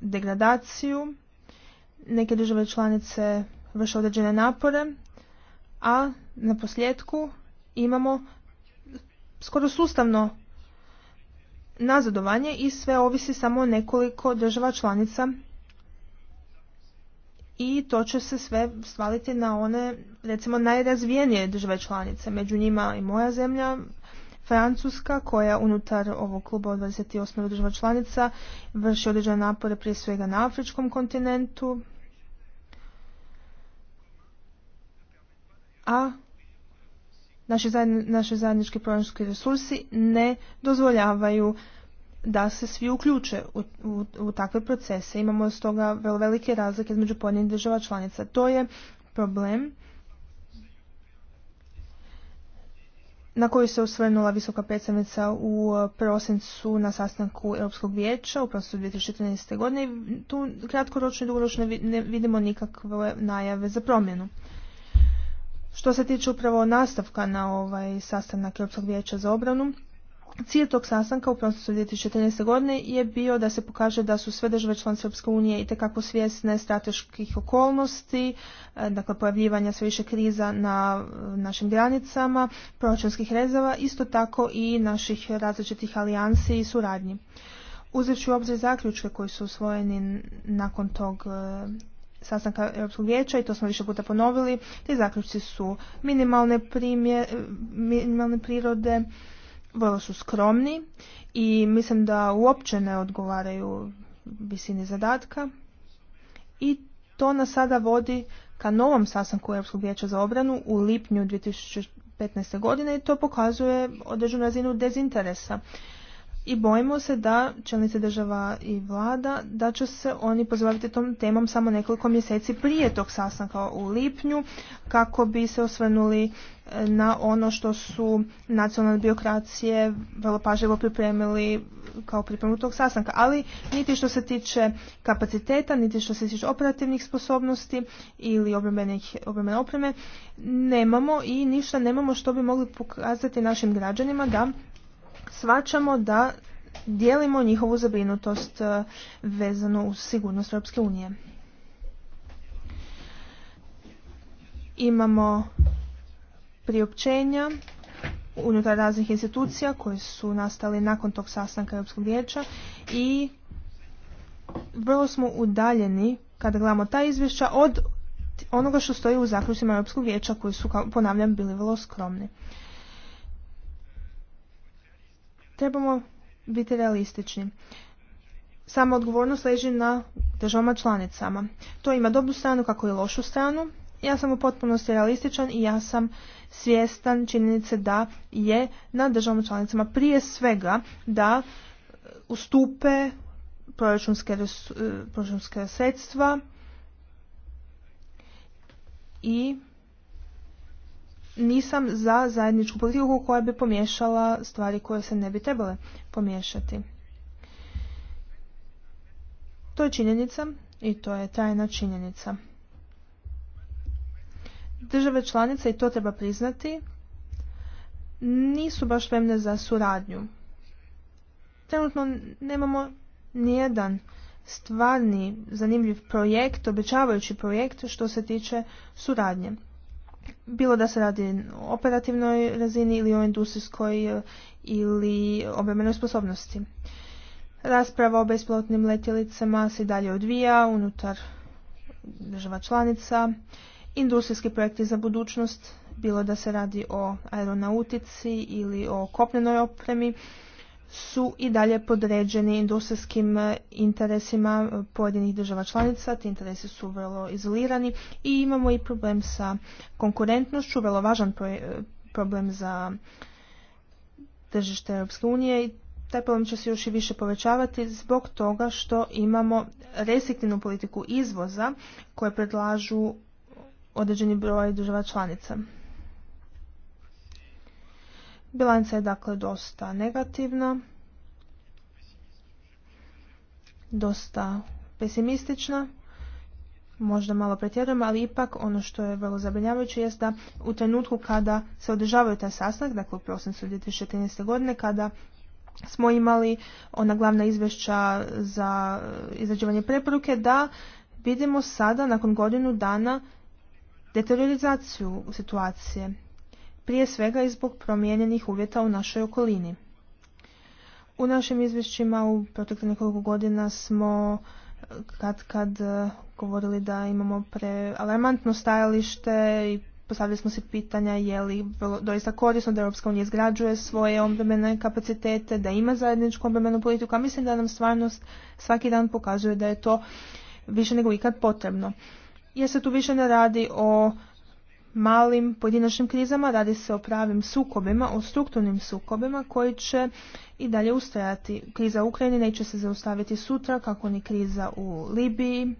Speaker 2: degradaciju Neke države članice vrše određene napore, a na posljedku imamo skoro sustavno nazadovanje i sve ovisi samo nekoliko država članica i to će se sve svaliti na one recimo najrazvijenije države članice, među njima i moja zemlja, Francuska koja unutar ovog kluba od 28 država članica vrši određene napore prije svega na afričkom kontinentu, a naši, naši zajednički proračunski resursi ne dozvoljavaju da se svi uključe u, takve procese. Imamo stoga vel, velike razlike između pojedinih država članica. To je problem na koji se osvrnula visoka predstavnica u uh, prosincu na sastanku Europskog vijeća u prosincu 2014. godine. Tu kratkoročno i dugoročno ne vidimo nikakve najave za promjenu. Što se tiče upravo nastavka na ovaj sastanak Europskog vijeća za obranu, Cilj tog sastanka u procesu 2014. godine je bio da se pokaže da su sve države članice Europske unije itekako svjesne strateških okolnosti, e, dakle pojavljivanja sve više kriza na e, našim granicama, proračunskih rezava, isto tako i naših različitih alijansi i suradnji. Uzevši u obzir zaključke koji su usvojeni nakon tog e, sastanka Europskog vijeća i to smo više puta ponovili. Ti zaključci su minimalne, primje, eh, minimalne prirode, vrlo su skromni i mislim da uopće ne odgovaraju visini zadatka i to nas sada vodi ka novom sastanku Europskog vijeća za obranu u lipnju 2015. godine i to pokazuje određenu razinu dezinteresa i bojimo se da čelnice država i vlada da će se oni pozabaviti tom temom samo nekoliko mjeseci prije tog sastanka u lipnju kako bi se osvrnuli e, na ono što su nacionalne biokracije vrlo pažljivo pripremili kao pripremu tog sastanka. Ali niti što se tiče kapaciteta, niti što se tiče operativnih sposobnosti ili obrambene opreme nemamo i ništa nemamo što bi mogli pokazati našim građanima da shvaćamo da dijelimo njihovu zabrinutost e, vezanu uz sigurnost Europske unije. Imamo priopćenja unutar raznih institucija koje su nastali nakon tog sastanka Europskog vijeća i vrlo smo udaljeni kada gledamo ta izvješća od onoga što stoji u zaključima Europskog vijeća koji su, ponavljam, bili vrlo skromni. Trebamo biti realistični. Sama odgovornost leži na državama članicama. To ima dobru stranu kako i lošu stranu. Ja sam u potpunosti realističan i ja sam svjestan činjenice da je na državama članicama prije svega da ustupe proračunske, eh, proračunske sredstva i nisam za zajedničku politiku koja bi pomiješala stvari koje se ne bi trebale pomiješati. To je činjenica i to je trajna činjenica. Države članice, i to treba priznati, nisu baš spremne za suradnju. Trenutno nemamo nijedan stvarni, zanimljiv projekt, obećavajući projekt što se tiče suradnje bilo da se radi o operativnoj razini ili o industrijskoj eh, ili obremenoj sposobnosti. Rasprava o besplatnim letjelicama se dalje odvija unutar država članica. Industrijski projekti za budućnost, bilo da se radi o aeronautici ili o kopnenoj opremi, su i dalje podređeni industrijskim e, interesima e, pojedinih država članica, ti interesi su vrlo izolirani i imamo i problem sa konkurentnošću, vrlo važan e, problem za tržište Europske unije i taj problem će se još i više povećavati zbog toga što imamo restriktivnu politiku izvoza koje predlažu određeni broj država članica. Bilanca je dakle dosta negativna, dosta pesimistična, možda malo pretjerujem, ali ipak ono što je vrlo zabrinjavajuće jest da u trenutku kada se održavaju taj sastanak, dakle u prosincu 2013. godine, kada smo imali ona glavna izvješća za eh, izrađivanje preporuke, da vidimo sada nakon godinu dana deteriorizaciju situacije prije svega i zbog promijenjenih uvjeta u našoj okolini. U našim izvješćima u proteklih nekoliko godina smo eh, kad kad eh, govorili da imamo prealarmantno stajalište i postavili smo se pitanja je li doista korisno da Europska unija izgrađuje svoje obrambene kapacitete, da ima zajedničku obrambenu politiku, a mislim da nam stvarnost svaki dan pokazuje da je to više nego ikad potrebno. Jer se tu više ne radi o malim pojedinačnim krizama, radi se o pravim sukobima, o strukturnim sukobima koji će i dalje ustajati. Kriza u Ukrajini neće se zaustaviti sutra, kako ni kriza u Libiji,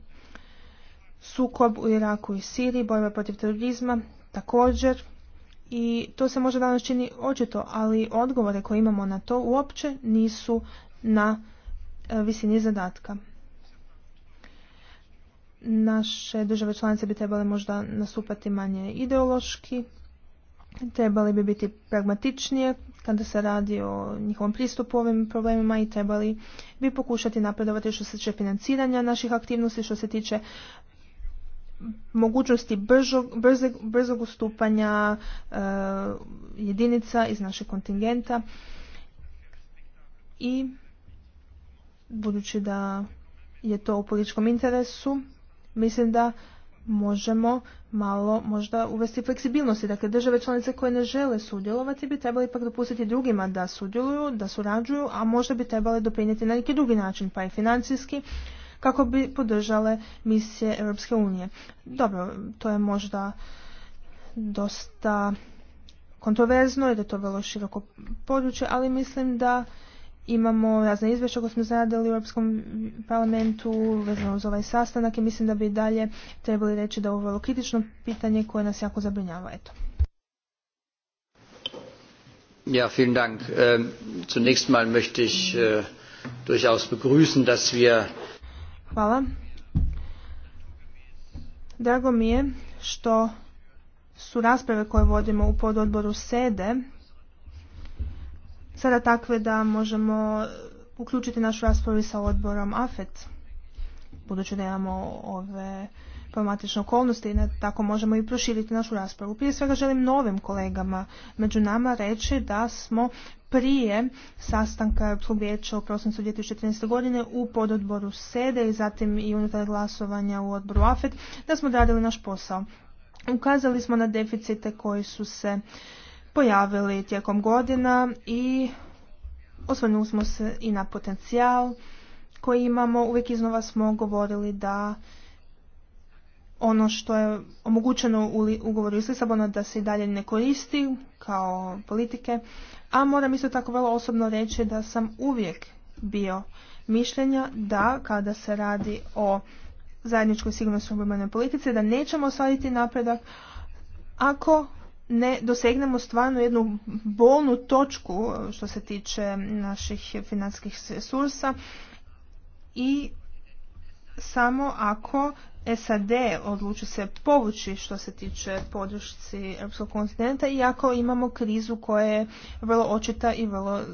Speaker 2: sukob u Iraku i Siriji, borba protiv terorizma također. I to se možda danas čini očito, ali odgovore koje imamo na to uopće nisu na e, visini zadatka naše države članice bi trebale možda nastupati manje ideološki, trebali bi biti pragmatičnije kada se radi o njihovom pristupu ovim problemima i trebali bi pokušati napredovati što se tiče financiranja naših aktivnosti, što se tiče mogućnosti brzog, brzog ustupanja eh, jedinica iz našeg kontingenta i budući da je to u političkom interesu mislim da možemo malo možda uvesti fleksibilnosti. Dakle, države članice koje ne žele sudjelovati bi trebali ipak dopustiti drugima da sudjeluju, da surađuju, a možda bi trebali doprinijeti na neki drugi način, pa i financijski, kako bi podržale misije Europske unije. Dobro, to je možda dosta kontroverzno i da je to vrlo široko područje, ali mislim da imamo razne izvješće koje smo zadali u Europskom parlamentu vezano uz ovaj sastanak i mislim da bi dalje trebali reći da je ovo vrlo kritično pitanje koje nas jako zabrinjava. Eto.
Speaker 3: Ja, vielen Dank. Ähm, zunächst mal möchte ich
Speaker 1: äh, durchaus begrüßen, dass wir...
Speaker 2: Hvala. Drago mi je što su rasprave koje vodimo u pododboru SEDE sada takve da možemo uključiti našu raspravu sa odborom AFET, budući da imamo ove problematične okolnosti i tako možemo i proširiti našu raspravu. Prije svega želim novim kolegama među nama reći da smo prije sastanka vijeća u prosincu 2014. godine u pododboru SEDE e i zatim i unutar glasovanja u odboru AFET da smo radili naš posao. Ukazali smo na deficite koji su se pojavili tijekom godina i osvrnuli smo se i na potencijal koji imamo. Uvijek iznova smo govorili da ono što je omogućeno u ugovoru iz Lisabona da se i dalje ne koristi kao politike, a moram isto tako vrlo osobno reći da sam uvijek bio mišljenja da kada se radi o zajedničkoj sigurnosnoj politici da nećemo osaditi napredak ako ne dosegnemo stvarno jednu bolnu točku e, što se tiče naših financijskih resursa i samo ako SAD odluči se povući što se tiče podršci Europskog kontinenta i ako imamo krizu koja je vrlo očita i vrlo e,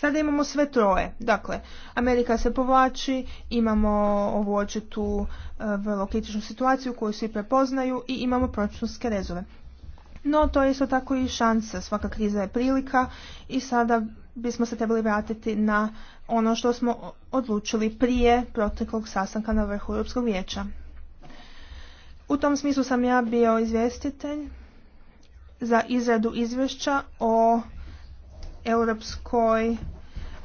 Speaker 2: Sada imamo sve troje. Dakle, Amerika se povlači, imamo ovu očitu e, vrlo kritičnu situaciju koju svi prepoznaju i imamo proračunske rezove. No, to je isto tako i šansa. Svaka kriza je prilika i sada bismo se trebali vratiti na ono što smo odlučili prije proteklog sastanka na vrhu Europskog vijeća. U tom smislu sam ja bio izvjestitelj za izradu izvješća o europskoj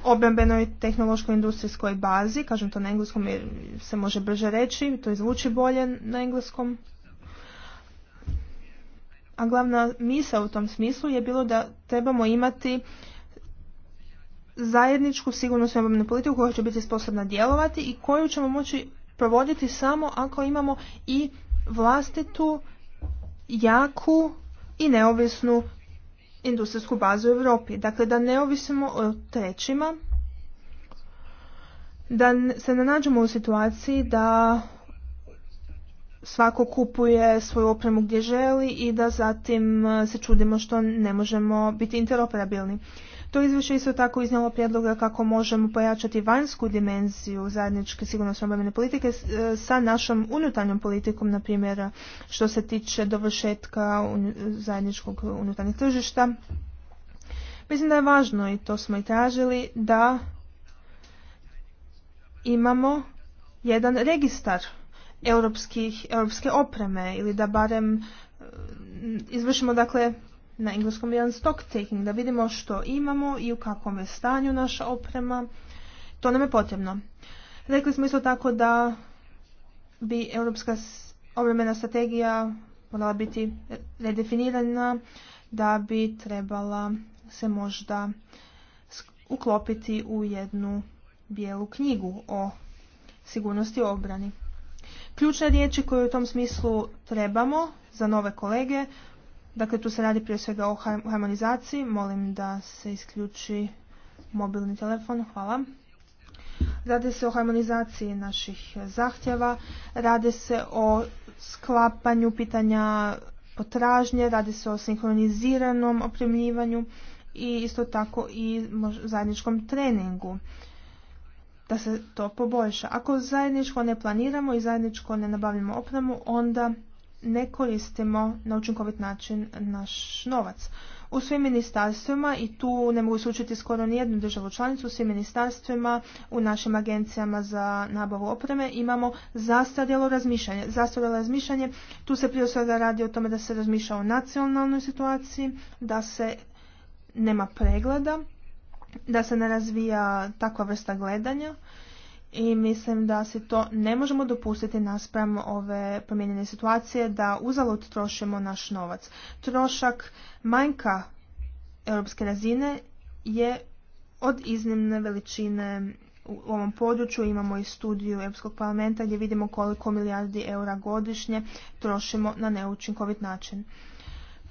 Speaker 2: obrambenoj tehnološkoj industrijskoj bazi, kažem to na engleskom jer se može brže reći, to izvuči bolje na engleskom. A glavna misa u tom smislu je bilo da trebamo imati zajedničku sigurnosnu obrambenu politiku koja će biti sposobna djelovati i koju ćemo moći provoditi samo ako imamo i vlastitu jaku i neovisnu industrijsku bazu u Europi. Dakle, da ne ovisimo o trećima, da se ne nađemo u situaciji da svako kupuje svoju opremu gdje želi i da zatim eh, se čudimo što ne možemo biti interoperabilni. To izvješće isto tako iznijelo prijedloga kako možemo pojačati vanjsku dimenziju zajedničke sigurnosno obrambene politike e, sa našom unutarnjom politikom, na primjer što se tiče dovršetka zajedničkog unutarnjeg tržišta. Mislim da je važno i to smo i tražili da imamo jedan registar europskih, europske opreme ili da barem e, izvršimo dakle na engleskom jedan stock taking, da vidimo što imamo i u kakvom je stanju naša oprema. To nam je potrebno. Rekli smo isto tako da bi europska obremena strategija morala biti redefinirana, da bi trebala se možda uklopiti u jednu bijelu knjigu o sigurnosti obrani. Ključne riječi koje u tom smislu trebamo za nove kolege Dakle, tu se radi prije svega o harmonizaciji. Molim da se isključi mobilni telefon. Hvala. Radi se o harmonizaciji naših zahtjeva, radi se o sklapanju pitanja potražnje, radi se o sinkroniziranom opremljivanju i isto tako i zajedničkom treningu da se to poboljša. Ako zajedničko ne planiramo i zajedničko ne nabavimo opremu, onda ne koristimo na učinkovit način naš novac. U svim ministarstvima, i tu ne mogu slučiti skoro nijednu državu članicu, u svim ministarstvima, u našim agencijama za nabavu opreme imamo zastarjelo razmišljanje. Zastarjelo razmišljanje, tu se prije svega radi o tome da se razmišlja o nacionalnoj situaciji, da se nema pregleda, da se ne razvija takva vrsta gledanja i mislim da se to ne možemo dopustiti naspram ove promijenjene situacije da uzalud trošimo naš novac. Trošak manjka europske razine je od iznimne veličine u ovom području. Imamo i studiju Europskog parlamenta gdje vidimo koliko milijardi eura godišnje trošimo na neučinkovit način.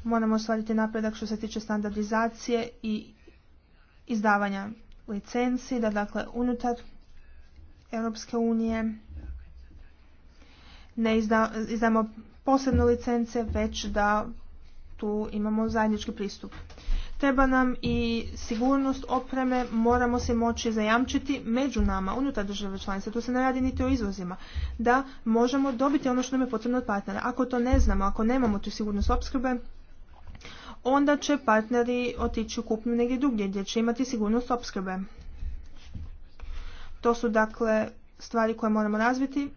Speaker 2: Moramo ostvariti napredak što se tiče standardizacije i izdavanja licenci, da dakle unutar Europske unije ne izdamo posebne licence, već da tu imamo zajednički pristup. Treba nam i sigurnost opreme, moramo se moći zajamčiti među nama, unutar države članice, tu se ne radi niti o izvozima, da možemo dobiti ono što nam je potrebno od partnera. Ako to ne znamo, ako nemamo tu sigurnost opskrbe, onda će partneri otići u kupnju negdje drugdje gdje će imati sigurnost opskrbe. To su dakle stvari koje moramo razviti,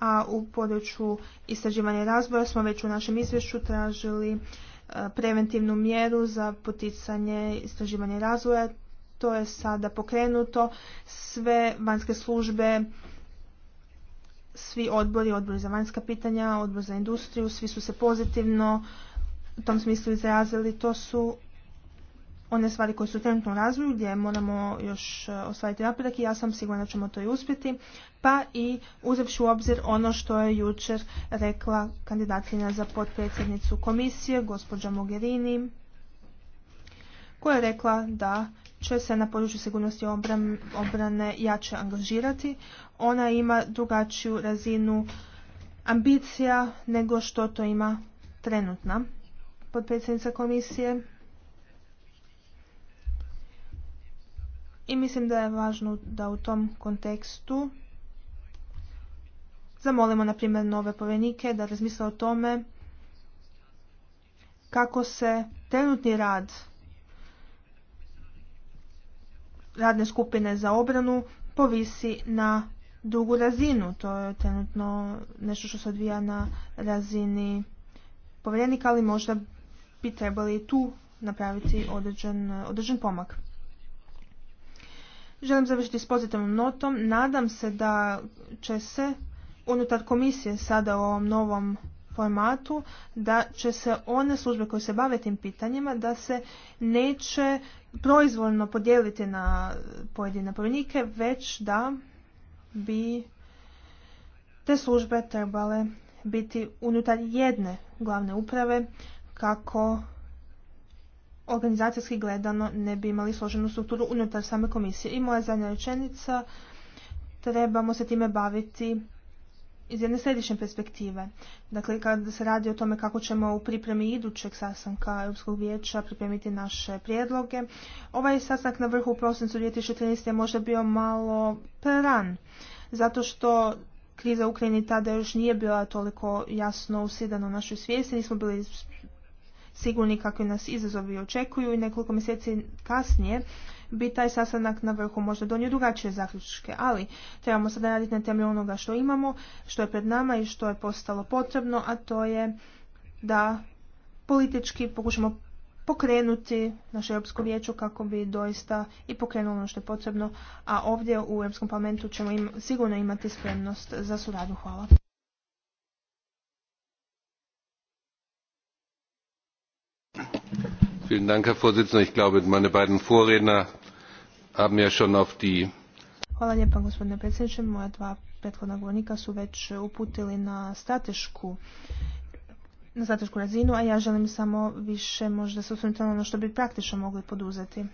Speaker 2: a u području istraživanja razvoja smo već u našem izvješću tražili e, preventivnu mjeru za poticanje istraživanja razvoja. To je sada pokrenuto. Sve vanjske službe, svi odbori, odbori za vanjska pitanja, odbor za industriju, svi su se pozitivno u tom smislu izrazili. To su one stvari koje su trenutno u razvoju gdje moramo još e, ostvariti napredak i ja sam sigurna da ćemo to i uspjeti. Pa i uzevši u obzir ono što je jučer rekla kandidatkinja za potpredsjednicu komisije, gospođa Mogherini, koja je rekla da će se na području sigurnosti obrane jače angažirati. Ona ima drugačiju razinu ambicija nego što to ima trenutna potpredsjednica komisije. I mislim da je važno da u tom kontekstu zamolimo, na primjer, nove povjenike da razmisle o tome kako se trenutni rad radne skupine za obranu povisi na drugu razinu. To je trenutno nešto što se odvija na razini povjerenika, ali možda bi trebali tu napraviti određen, određen pomak. Želim završiti s pozitivnom notom. Nadam se da će se unutar komisije sada u ovom novom formatu da će se one službe koje se bave tim pitanjima da se neće proizvoljno podijeliti na pojedine povinike, već da bi te službe trebale biti unutar jedne glavne uprave kako organizacijski gledano ne bi imali složenu strukturu unutar same komisije. I moja zadnja rečenica, trebamo se time baviti iz jedne središnje perspektive. Dakle, kada se radi o tome kako ćemo u pripremi idućeg sastanka Europskog vijeća pripremiti naše prijedloge, ovaj sastanak na vrhu u prosincu 2013. je možda bio malo preran, zato što kriza u Ukrajini tada još nije bila toliko jasno usjedana u našoj svijesti, nismo bili sigurni kakvi nas izazovi očekuju i nekoliko mjeseci kasnije bi taj sastanak na vrhu možda donio drugačije zaključke, ali trebamo sada raditi na temelju onoga što imamo, što je pred nama i što je postalo potrebno, a to je da politički pokušamo pokrenuti naše Europsko vijeće kako bi doista i pokrenulo ono što je potrebno, a ovdje u Europskom parlamentu ćemo im sigurno imati spremnost za suradnju. Hvala.
Speaker 3: Ich glaube, meine beiden Vorredner haben ja schon auf die...
Speaker 2: Hvala lijepa, gospodine predsjedniče. Moja dva prethodna govornika su već uputili na stratešku na stratešku razinu, a ja želim samo više možda se osvrnuti na ono što bi praktično mogli poduzeti.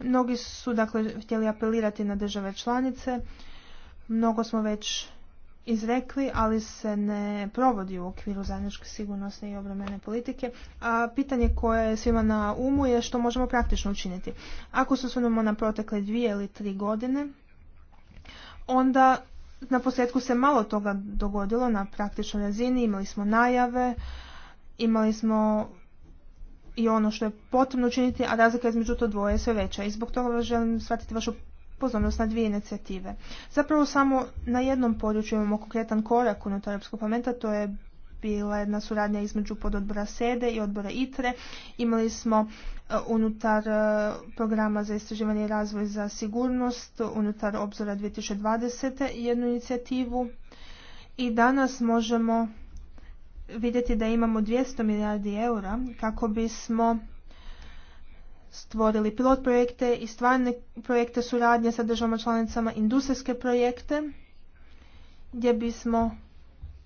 Speaker 2: Mnogi su dakle htjeli apelirati na države članice. Mnogo smo već izrekli, ali se ne provodi u okviru zajedničke sigurnosne i obrambene politike. A pitanje koje je svima na umu je što možemo praktično učiniti. Ako se osvrnemo na protekle dvije ili tri godine, onda na posljedku se malo toga dogodilo na praktičnoj razini. Imali smo najave, imali smo i ono što je potrebno učiniti, a razlika između to dvoje je sve veća. I zbog toga želim shvatiti vašu pozornost na dvije inicijative. Zapravo samo na jednom području imamo konkretan korak unutar Europskog parlamenta, to je bila jedna suradnja između pododbora SEDE i odbora ITRE. Imali smo e, unutar e, programa za istraživanje i razvoj za sigurnost, unutar obzora 2020. jednu inicijativu i danas možemo vidjeti da imamo 200 milijardi eura kako bismo stvorili pilot projekte i stvarne projekte suradnje sa državama članicama, industrijske projekte gdje bismo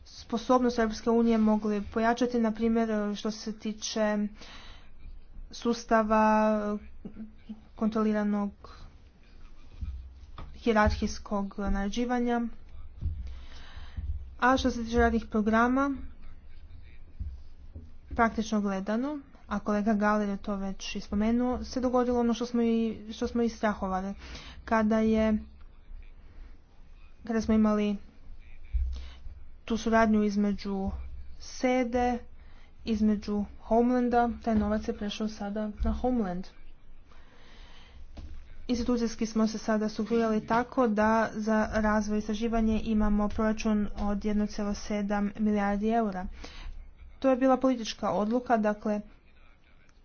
Speaker 2: sposobnost Europske unije mogli pojačati, na primjer što se tiče sustava kontroliranog hirarhijskog naređivanja. A što se tiče radnih programa, praktično gledano, a kolega Galer je to već ispomenuo, se dogodilo ono što smo i, što smo i strahovali. Kada je kada smo imali tu suradnju između sede, između Homelanda, taj novac je prešao sada na Homeland. Institucijski smo se sada strukturirali tako da za razvoj i istraživanje imamo proračun od 1,7 milijardi eura. To je bila politička odluka, dakle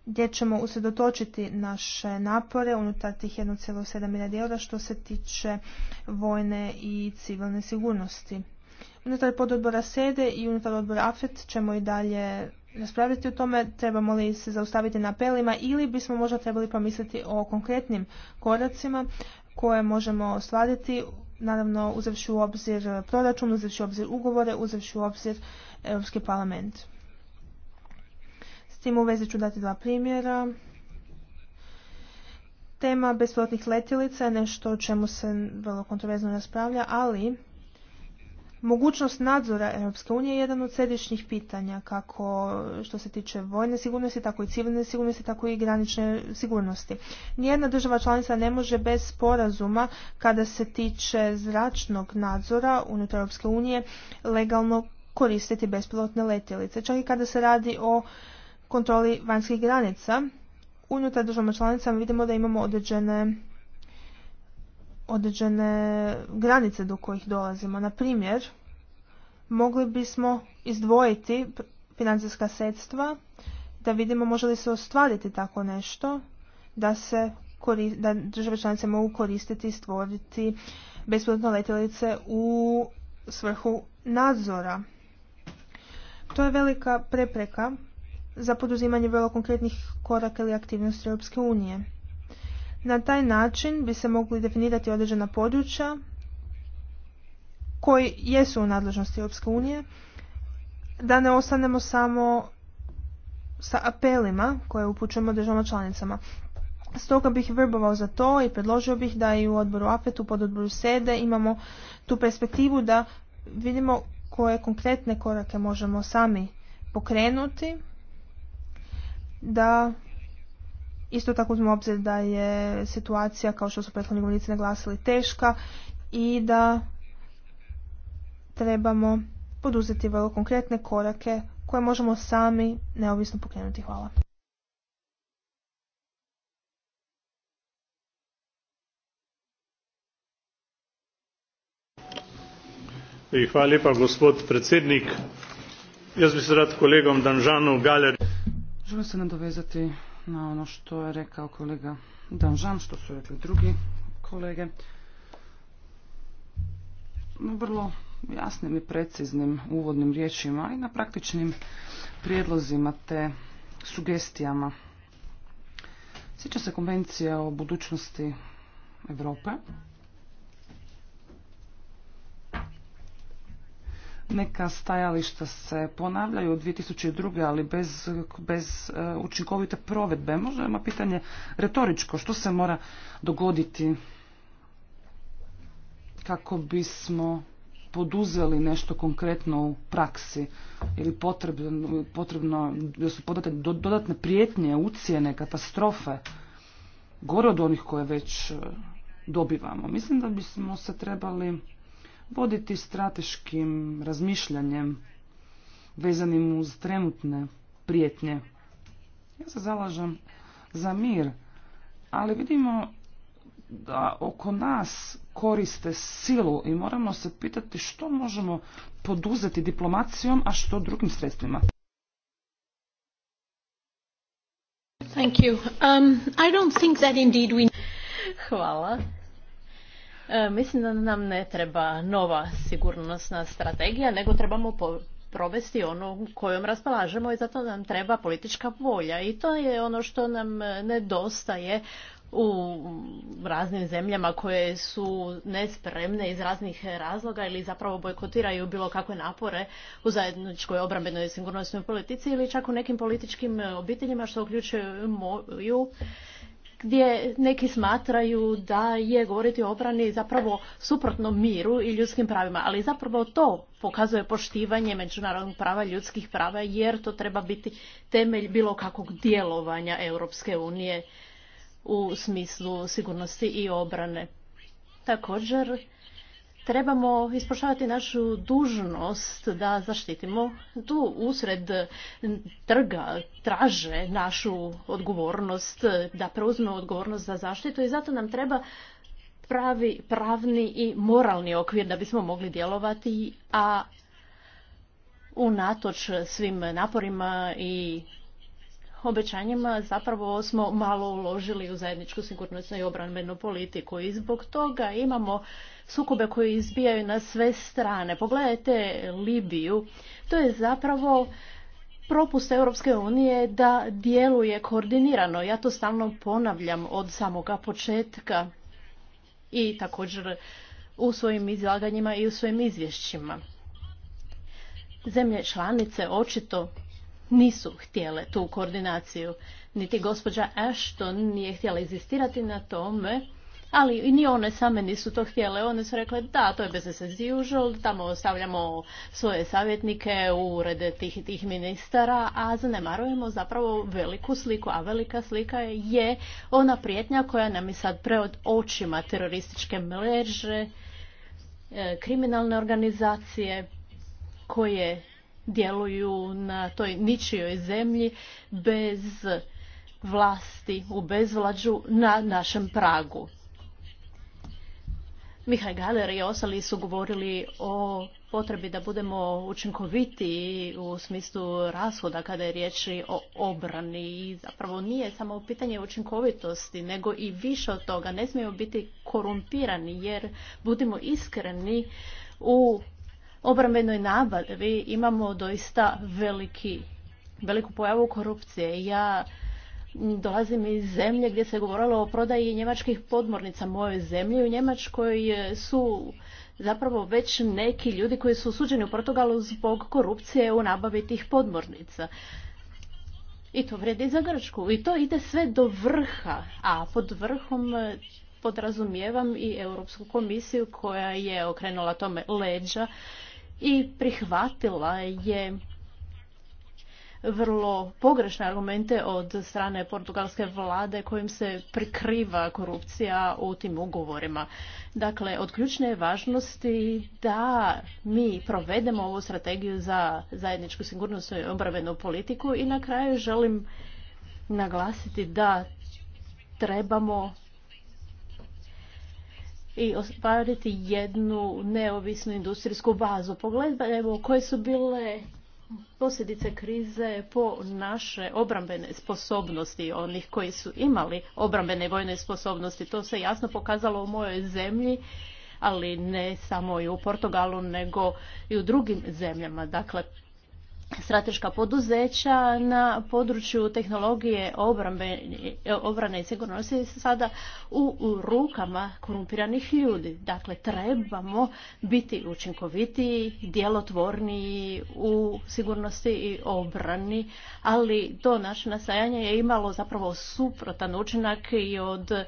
Speaker 2: gdje ćemo usredotočiti naše napore unutar tih 1,7 milijardi eura što se tiče vojne i civilne sigurnosti. Unutar pododbora SEDE i unutar odbora AFET ćemo i dalje raspraviti o tome trebamo li se zaustaviti na apelima ili bismo možda trebali pomisliti o konkretnim koracima koje možemo ostvariti naravno uzevši u obzir proračun, uzevši u obzir ugovore, uzevši u obzir Europski parlament. S tim u vezi ću dati dva primjera. Tema bespilotnih letjelica je nešto o čemu se vrlo kontroverzno raspravlja, ali Mogućnost nadzora Europske unije je jedan od središnjih pitanja, kako što se tiče vojne sigurnosti, tako i civilne sigurnosti, tako i granične sigurnosti. Nijedna država članica ne može bez sporazuma, kada se tiče zračnog nadzora unutar Europske unije, legalno koristiti bespilotne letjelice. Čak i kada se radi o kontroli vanjskih granica. Unutar državama članicama vidimo da imamo određene određene granice do kojih dolazimo. Na primjer, mogli bismo izdvojiti financijska sredstva da vidimo može li se ostvariti tako nešto da se da države članice mogu koristiti i stvoriti besplatno letjelice u svrhu nadzora. To je velika prepreka za poduzimanje vrlo konkretnih koraka ili aktivnosti Europske unije. Na taj način bi se mogli definirati određena područja koji jesu u nadležnosti Europske unije, da ne ostanemo samo sa apelima koje upućujemo državama članicama. Stoga bih vrbovao za to i predložio bih da i u odboru APET, u odboru SEDE imamo tu perspektivu da vidimo koje konkretne korake možemo sami pokrenuti da isto tako uzmemo obzir da je situacija, kao što su prethodni govornici naglasili, teška i da trebamo poduzeti vrlo konkretne korake koje možemo sami neovisno pokrenuti. Hvala.
Speaker 3: Hvala lijepa gospod predsjednik. Jaz bi se rad kolegom Danžanu Galer...
Speaker 1: Želim se nadovezati na ono što je rekao kolega Danžan, što su rekli drugi kolege. No, vrlo jasnim i preciznim uvodnim riječima i na praktičnim prijedlozima te sugestijama. Sjeća se konvencija o budućnosti Europe Neka stajališta se ponavljaju od 2002. ali bez, bez e, učinkovite provedbe. Možda ima pitanje retoričko. Što se mora dogoditi kako bismo poduzeli nešto konkretno u praksi ili potrebno, potrebno da su dodatne prijetnje, ucijene, katastrofe gore od onih koje već e, dobivamo. Mislim da bismo se trebali voditi strateškim razmišljanjem vezanim uz trenutne prijetnje. Ja se zalažem za mir, ali vidimo da oko nas koriste silu i moramo se pitati što možemo poduzeti diplomacijom, a što drugim sredstvima.
Speaker 3: Um, Hvala. E, mislim da nam ne treba nova sigurnosna strategija, nego trebamo provesti onu kojom raspolažemo i zato nam treba politička volja. I to je ono što nam nedostaje u raznim zemljama koje su nespremne iz raznih razloga ili zapravo bojkotiraju bilo kakve napore u zajedničkoj obrambenoj i sigurnosnoj politici ili čak u nekim političkim obiteljima što uključuju moju gdje neki smatraju da je govoriti o obrani zapravo suprotno miru i ljudskim pravima, ali zapravo to pokazuje poštivanje međunarodnog prava ljudskih prava jer to treba biti temelj bilo kakvog djelovanja Europske unije u smislu sigurnosti i obrane. Također trebamo ispoštovati našu dužnost da zaštitimo tu usred trga traže našu odgovornost da preuzmemo odgovornost za zaštitu i zato nam treba pravi pravni i moralni okvir da bismo mogli djelovati a unatoč svim naporima i obećanjima zapravo smo malo uložili u zajedničku sigurnosnu i obranbenu politiku i zbog toga imamo sukobe koji izbijaju na sve strane. Pogledajte Libiju, to je zapravo propust Europske unije da djeluje koordinirano. Ja to stalno ponavljam od samoga početka i također u svojim izlaganjima i u svojim izvješćima. Zemlje članice očito nisu htjele tu koordinaciju. Niti gospođa Ashton nije htjela izistirati na tome, ali ni one same nisu to htjele. One su rekle da, to je business as usual, tamo ostavljamo svoje savjetnike u urede tih i tih ministara, a zanemarujemo zapravo veliku sliku, a velika slika je ona prijetnja koja nam je sad preod očima terorističke mreže, e, kriminalne organizacije koje djeluju na toj ničijoj zemlji bez vlasti u bezvlađu na našem pragu. Mihaj Galer i ostali su govorili o potrebi da budemo učinkoviti u smislu rashoda kada je riječ o obrani. I zapravo nije samo pitanje učinkovitosti, nego i više od toga. Ne smijemo biti korumpirani jer budimo iskreni u obrambenoj nabavi imamo doista veliki, veliku pojavu korupcije. Ja dolazim iz zemlje gdje se govorilo o prodaji njemačkih podmornica mojoj zemlji. U Njemačkoj su zapravo već neki ljudi koji su osuđeni u Portugalu zbog korupcije u nabavi tih podmornica. I to vredi za Grčku. I to ide sve do vrha. A pod vrhom podrazumijevam i Europsku komisiju koja je okrenula tome leđa i prihvatila je vrlo pogrešne argumente od strane portugalske vlade kojim se prikriva korupcija u tim ugovorima. Dakle, od ključne je važnosti da mi provedemo ovu strategiju za zajedničku sigurnost i obrambenu politiku i na kraju želim naglasiti da trebamo i ostvariti jednu neovisnu industrijsku bazu. Pogledajmo koje su bile posljedice krize po naše obrambene sposobnosti, onih koji su imali obrambene vojne sposobnosti. To se jasno pokazalo u mojoj zemlji, ali ne samo i u Portugalu, nego i u drugim zemljama. Dakle, strateška poduzeća na području tehnologije obrane i sigurnosti sada u, rukama korumpiranih ljudi. Dakle, trebamo biti učinkovitiji, djelotvorniji u sigurnosti i obrani, ali to naše nasajanje je imalo zapravo suprotan učinak i od e,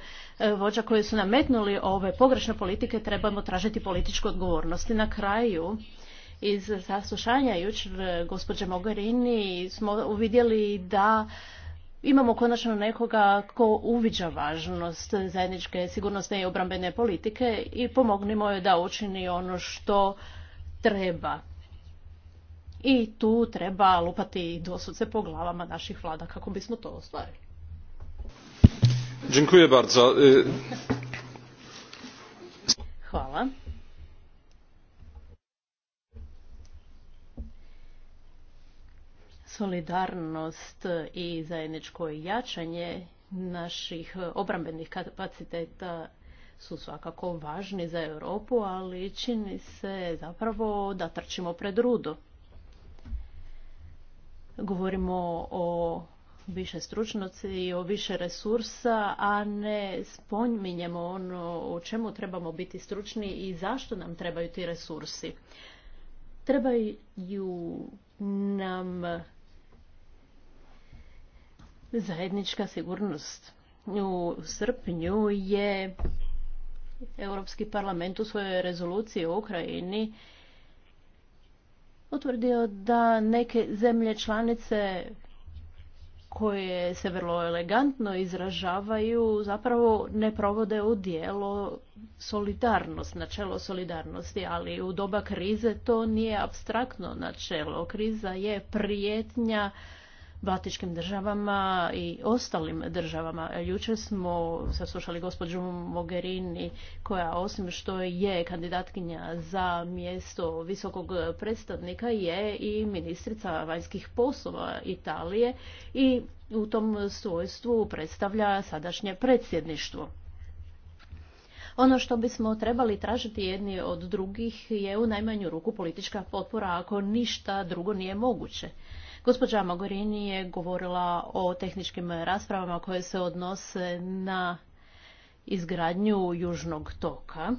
Speaker 3: vođa koji su nametnuli ove pogrešne politike trebamo tražiti političku odgovornost. na kraju, iz saslušanja jučer e, gospođe Mogherini smo uvidjeli da imamo konačno nekoga ko uviđa važnost zajedničke sigurnosne i obrambene politike i pomognimo joj da učini ono što treba. I tu treba lupati dosudce po glavama naših vlada kako bismo to ostvarili.
Speaker 1: Dziękuję bardzo.
Speaker 3: Hvala. solidarnost i zajedničko jačanje naših obrambenih kapaciteta su svakako važni za Europu, ali čini se zapravo da trčimo pred rudo. Govorimo o više stručnosti i o više resursa, a ne spominjemo ono o čemu trebamo biti stručni i zašto nam trebaju ti resursi. Trebaju nam zajednička sigurnost. U srpnju je Europski parlament u svojoj rezoluciji u Ukrajini utvrdio da neke zemlje članice koje se vrlo elegantno izražavaju zapravo ne provode u dijelo solidarnost, načelo solidarnosti, ali u doba krize to nije abstraktno načelo. Kriza je prijetnja Baltičkim državama i ostalim državama. Jučer smo saslušali gospođu Mogherini koja osim što je kandidatkinja za mjesto visokog predstavnika je i ministrica vanjskih poslova Italije i u tom svojstvu predstavlja sadašnje predsjedništvo. Ono što bismo trebali tražiti jedni od drugih je u najmanju ruku politička potpora ako ništa drugo nije moguće. Gospođa Magorini je govorila o tehničkim raspravama koje se odnose na izgradnju južnog toka.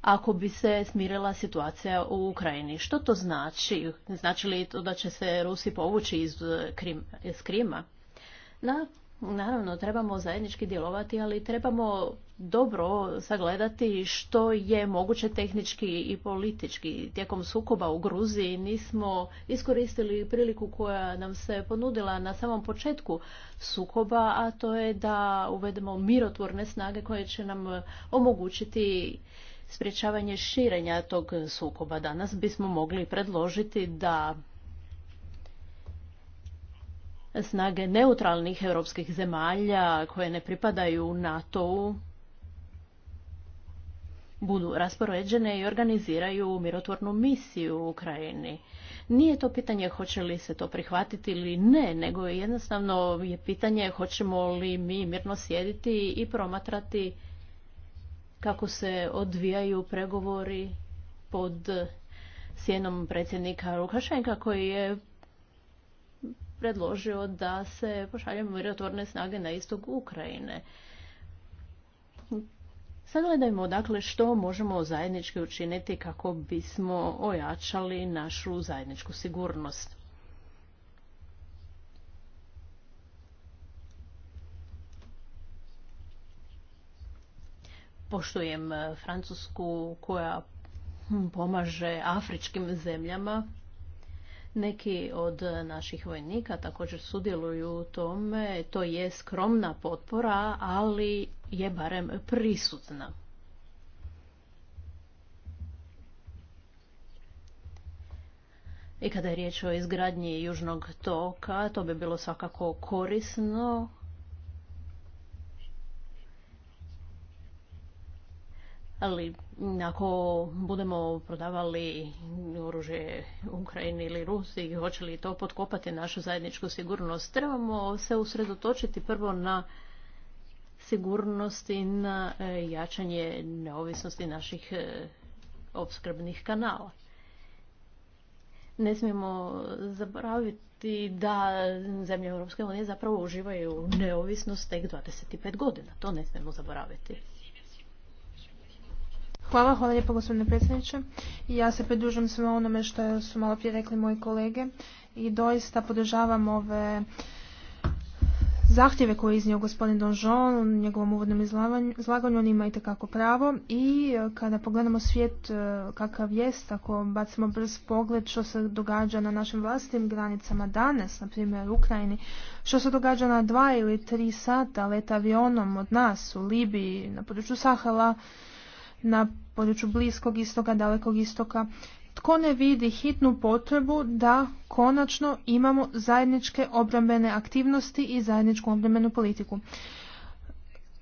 Speaker 3: ako bi se smirila situacija u Ukrajini. Što to znači? Znači li to da će se Rusi povući iz, iz Krima? Na Naravno, trebamo zajednički djelovati, ali trebamo dobro sagledati što je moguće tehnički i politički. Tijekom sukoba u Gruziji nismo iskoristili priliku koja nam se ponudila na samom početku sukoba, a to je da uvedemo mirotvorne snage koje će nam omogućiti sprječavanje širenja tog sukoba. Danas bismo mogli predložiti da snage neutralnih europskih zemalja koje ne pripadaju NATO-u budu raspoređene i organiziraju mirotvornu misiju u Ukrajini. Nije to pitanje hoće li se to prihvatiti ili ne, nego je jednostavno je pitanje hoćemo li mi mirno sjediti i promatrati kako se odvijaju pregovori pod sjenom predsjednika Lukašenka koji je predložio da se pošaljemo mirotvorne snage na istog Ukrajine. Sagledajmo dakle što možemo zajednički učiniti kako bismo ojačali našu zajedničku sigurnost. Poštujem Francusku koja pomaže afričkim zemljama neki od naših vojnika također sudjeluju u tome, to je skromna potpora, ali je barem prisutna. I kada je riječ o izgradnji južnog toka, to bi bilo svakako korisno, Ali ako budemo prodavali oružje Ukrajini ili Rusiji, hoće li to potkopati našu zajedničku sigurnost? Trebamo se usredotočiti prvo na sigurnost i na e, jačanje neovisnosti naših e, opskrbnih kanala. Ne smijemo zaboraviti da zemlje Europske unije zapravo uživaju neovisnost tek 25 godina. To ne smijemo zaboraviti.
Speaker 2: Hvala, hvala lijepo gospodine predsjedniče. Ja se pridružujem svema onome što su malo prije rekli moji kolege i doista podržavam ove zahtjeve koje je iznio gospodin Donžon u njegovom uvodnom izlaganju, on ima itekako pravo i e, kada pogledamo svijet e, kakav jest, ako bacimo brz pogled što se događa na našim vlastitim granicama danas, na primjer u Ukrajini, što se događa na dva ili tri sata leta avionom od nas u Libiji, na području Sahala, na području Bliskog istoka, Dalekog istoka. Tko ne vidi hitnu potrebu da konačno imamo zajedničke obrambene aktivnosti i zajedničku obrambenu politiku.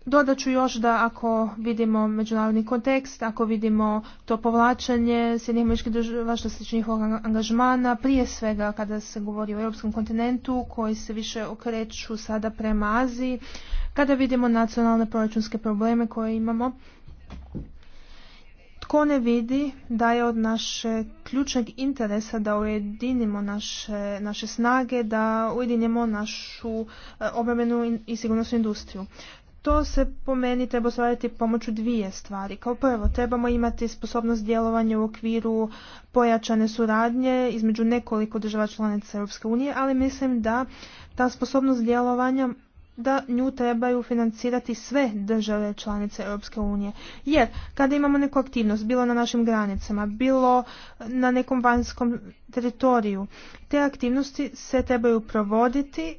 Speaker 2: Dodat ću još da ako vidimo međunarodni kontekst, ako vidimo to povlačenje američkih država što se tiče njihovog angažmana, prije svega kada se govori o europskom kontinentu koji se više okreću sada prema Aziji, kada vidimo nacionalne proračunske probleme koje imamo, tko ne vidi da je od našeg ključnog interesa da ujedinimo naše, naše snage, da ujedinimo našu e, obrambenu i sigurnosnu industriju. To se po meni treba ostvariti pomoću dvije stvari. Kao prvo, trebamo imati sposobnost djelovanja u okviru pojačane suradnje između nekoliko država članica Europske unije, ali mislim da ta sposobnost djelovanja da nju trebaju financirati sve države članice Europske unije. Jer kada imamo neku aktivnost, bilo na našim granicama, bilo na nekom vanjskom teritoriju, te aktivnosti se trebaju provoditi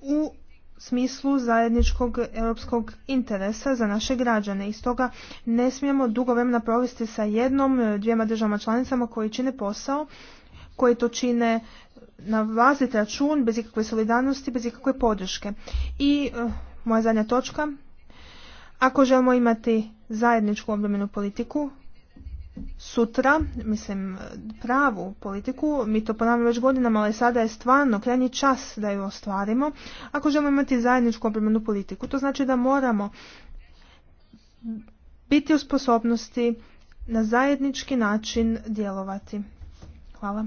Speaker 2: u smislu zajedničkog europskog interesa za naše građane i stoga ne smijemo dugo vremena provesti sa jednom, dvijema državama članicama koji čine posao, koji to čine na vlastiti račun, bez ikakve solidarnosti, bez ikakve podrške. I eh, moja zadnja točka, ako želimo imati zajedničku obrambenu politiku, sutra, mislim eh, pravu politiku, mi to ponavljamo već godinama, ali sada je stvarno krajnji čas da ju ostvarimo, ako želimo imati zajedničku obrambenu politiku. To znači da moramo biti u sposobnosti na zajednički način djelovati. Hvala.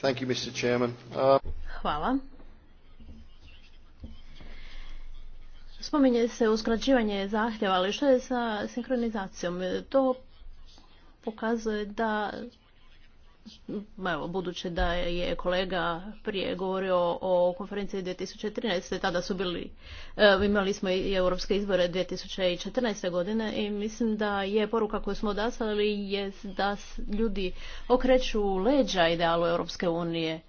Speaker 3: Thank Hvala. Spominje se uskrađivanje zahtjeva, ali što je sa sinkronizacijom? To pokazuje da evo, budući da je kolega prije govorio o konferenciji 2013. tada su bili, e, imali smo i europske izbore 2014. godine i mislim da je poruka koju smo odaslali je da ljudi okreću leđa idealu Europske unije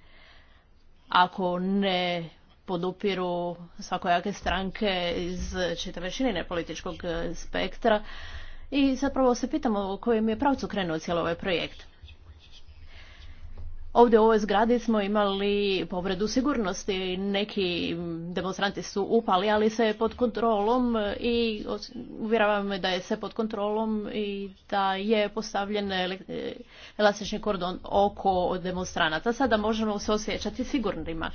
Speaker 3: ako ne podupiru svakojake stranke iz čitave političkog spektra i zapravo se pitamo u kojem je pravcu krenuo cijeli ovaj projekt. Ovdje u ovoj zgradi smo imali povredu sigurnosti, neki demonstranti su upali, ali se pod kontrolom i uvjeravam me da je sve pod kontrolom i da je postavljen elastični kordon oko demonstranata. Sada možemo se osjećati sigurnima.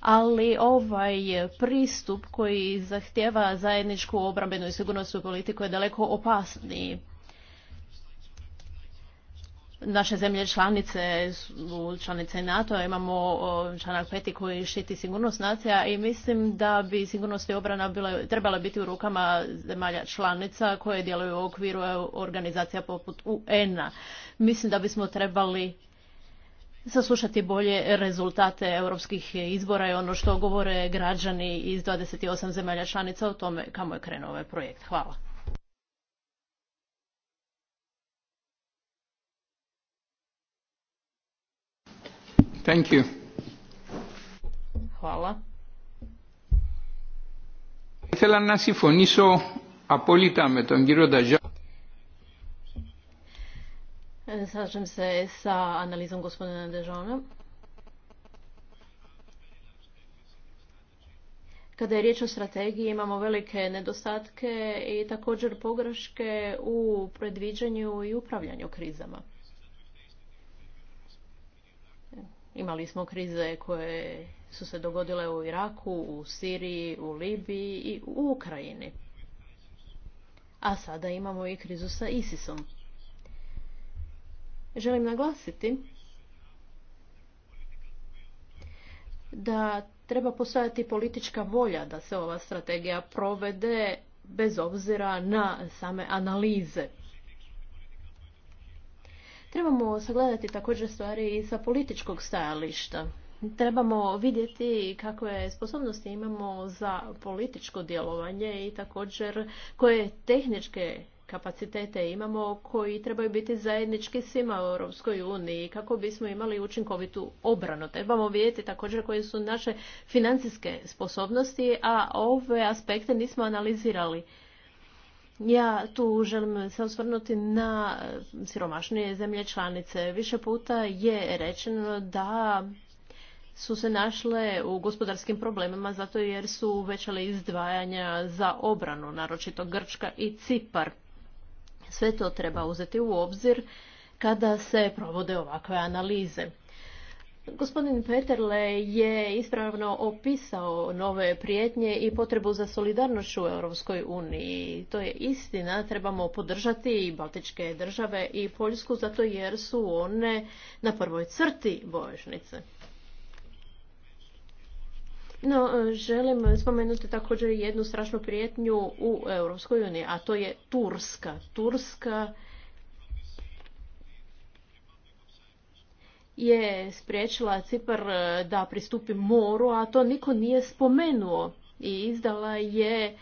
Speaker 3: Ali ovaj pristup koji zahtjeva zajedničku obrambenu i sigurnosnu politiku je daleko opasniji naše zemlje članice su članice NATO, imamo članak peti koji štiti sigurnost nacija i mislim da bi sigurnost i obrana bila, trebala biti u rukama zemalja članica koje djeluju u okviru organizacija poput UN-a. Mislim da bismo trebali saslušati bolje rezultate europskih izbora i ono što govore građani iz 28 zemalja članica o tome kamo je krenuo ovaj projekt. Hvala. Thank you. Hvala. Ήθελα να συμφωνήσω απόλυτα με τον κύριο Slažem se sa analizom gospodina Dežona. Kada je riječ o strategiji imamo velike nedostatke i također pogreške u predviđanju i upravljanju krizama. Imali smo krize koje su se dogodile u Iraku, u Siriji, u Libiji i u Ukrajini. A sada imamo i krizu sa ISISom. Želim naglasiti da treba postojati politička volja da se ova strategija provede bez obzira na same analize. Trebamo sagledati također stvari i sa političkog stajališta. Trebamo vidjeti kakve sposobnosti imamo za političko djelovanje i također koje tehničke kapacitete imamo koji trebaju biti zajednički svima u Europskoj uniji kako bismo imali učinkovitu obranu. Trebamo vidjeti također koje su naše financijske sposobnosti, a ove aspekte nismo analizirali. Ja tu želim se osvrnuti na siromašnije zemlje članice. Više puta je rečeno da su se našle u gospodarskim problemima zato jer su uvećale izdvajanja za obranu, naročito Grčka i Cipar. Sve to treba uzeti u obzir kada se provode ovakve analize. Gospodin Peterle je ispravno opisao nove prijetnje i potrebu za solidarnošću u Europskoj uniji. To je istina, trebamo podržati i Baltičke države i Poljsku zato jer su one na prvoj crti bojišnice. No, želim spomenuti također jednu strašnu prijetnju u Europskoj uniji, a to je Turska. Turska je spriječila Cipar e, da pristupi moru, a to niko nije spomenuo i izdala je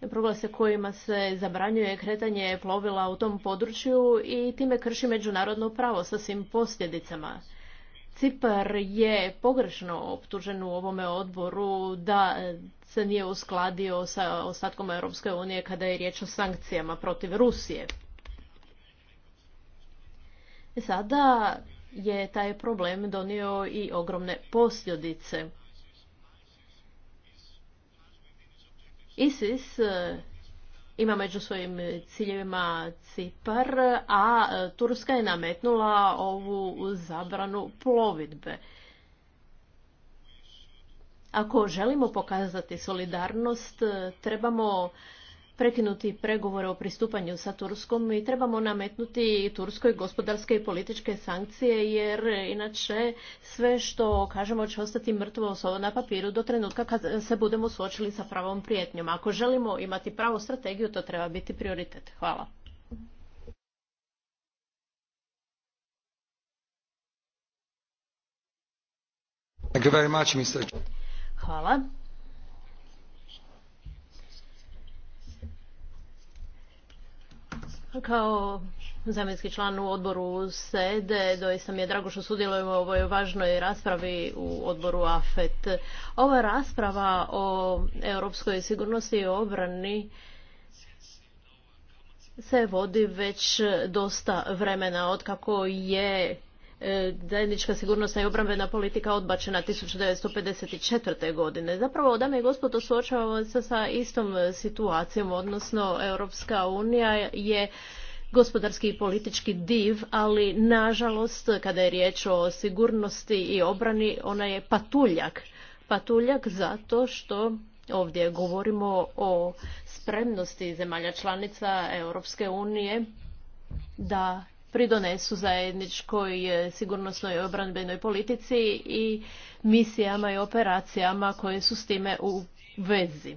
Speaker 3: proglase kojima se zabranjuje kretanje plovila u tom području i time krši međunarodno pravo sa svim posljedicama. Cipar je pogrešno optužen u ovome odboru da e, se nije uskladio sa ostatkom Europske unije kada je riječ o sankcijama protiv Rusije. E sada je taj problem donio i ogromne posljedice. ISIS e, ima među svojim ciljevima Cipar, a e, Turska je nametnula ovu zabranu plovidbe. Ako želimo pokazati solidarnost, e, trebamo prekinuti pregovore o pristupanju sa Turskom i trebamo nametnuti Turskoj gospodarske i političke sankcije jer inače sve što kažemo će ostati mrtvo slovo na papiru do trenutka kad se budemo suočili sa pravom prijetnjom. Ako želimo imati pravu strategiju to treba biti prioritet. Hvala. Hvala. Kao zamjenski član u odboru SEDE, doista mi je drago što sudjelujemo u ovoj važnoj raspravi u odboru AFET. Ova rasprava o europskoj sigurnosti i obrani se vodi već dosta vremena kako je E, zajednička sigurnosna i obrambena politika odbačena 1954. godine. Zapravo, dame i gospodo, suočavamo se sa istom situacijom, odnosno Europska unija je gospodarski i politički div, ali nažalost, kada je riječ o sigurnosti i obrani, ona je patuljak. Patuljak zato što ovdje govorimo o spremnosti zemalja članica Europske unije da pridonesu zajedničkoj e, sigurnosnoj i obranbenoj politici i misijama i operacijama koje su s time u vezi.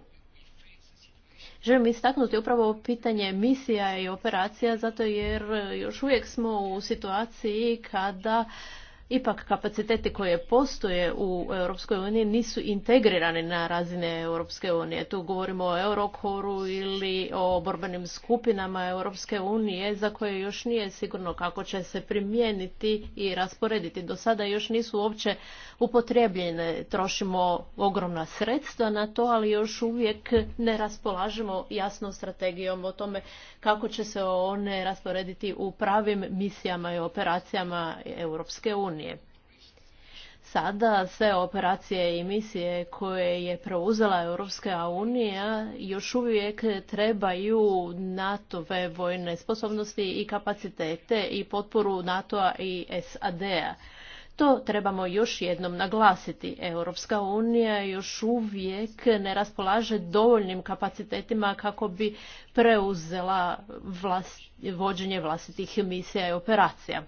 Speaker 3: Želim istaknuti upravo pitanje misija i operacija zato jer e, još uvijek smo u situaciji kada ipak kapaciteti koje postoje u Europskoj uniji nisu integrirani na razine Europske unije. Tu govorimo o Eurokoru ili o borbenim skupinama Europske unije za koje još nije sigurno kako će se primijeniti i rasporediti. Do sada još nisu uopće upotrijebljene. Trošimo ogromna sredstva na to, ali još uvijek ne raspolažemo jasnom strategijom o tome kako će se one rasporediti u pravim misijama i operacijama Europske unije unije. Sada sve operacije i misije koje je preuzela Europska unija još uvijek trebaju NATO-ve vojne sposobnosti i kapacitete i potporu NATO-a i SAD-a. To trebamo još jednom naglasiti. Europska unija još uvijek ne raspolaže dovoljnim kapacitetima kako bi preuzela vođenje vlastitih misija i operacija.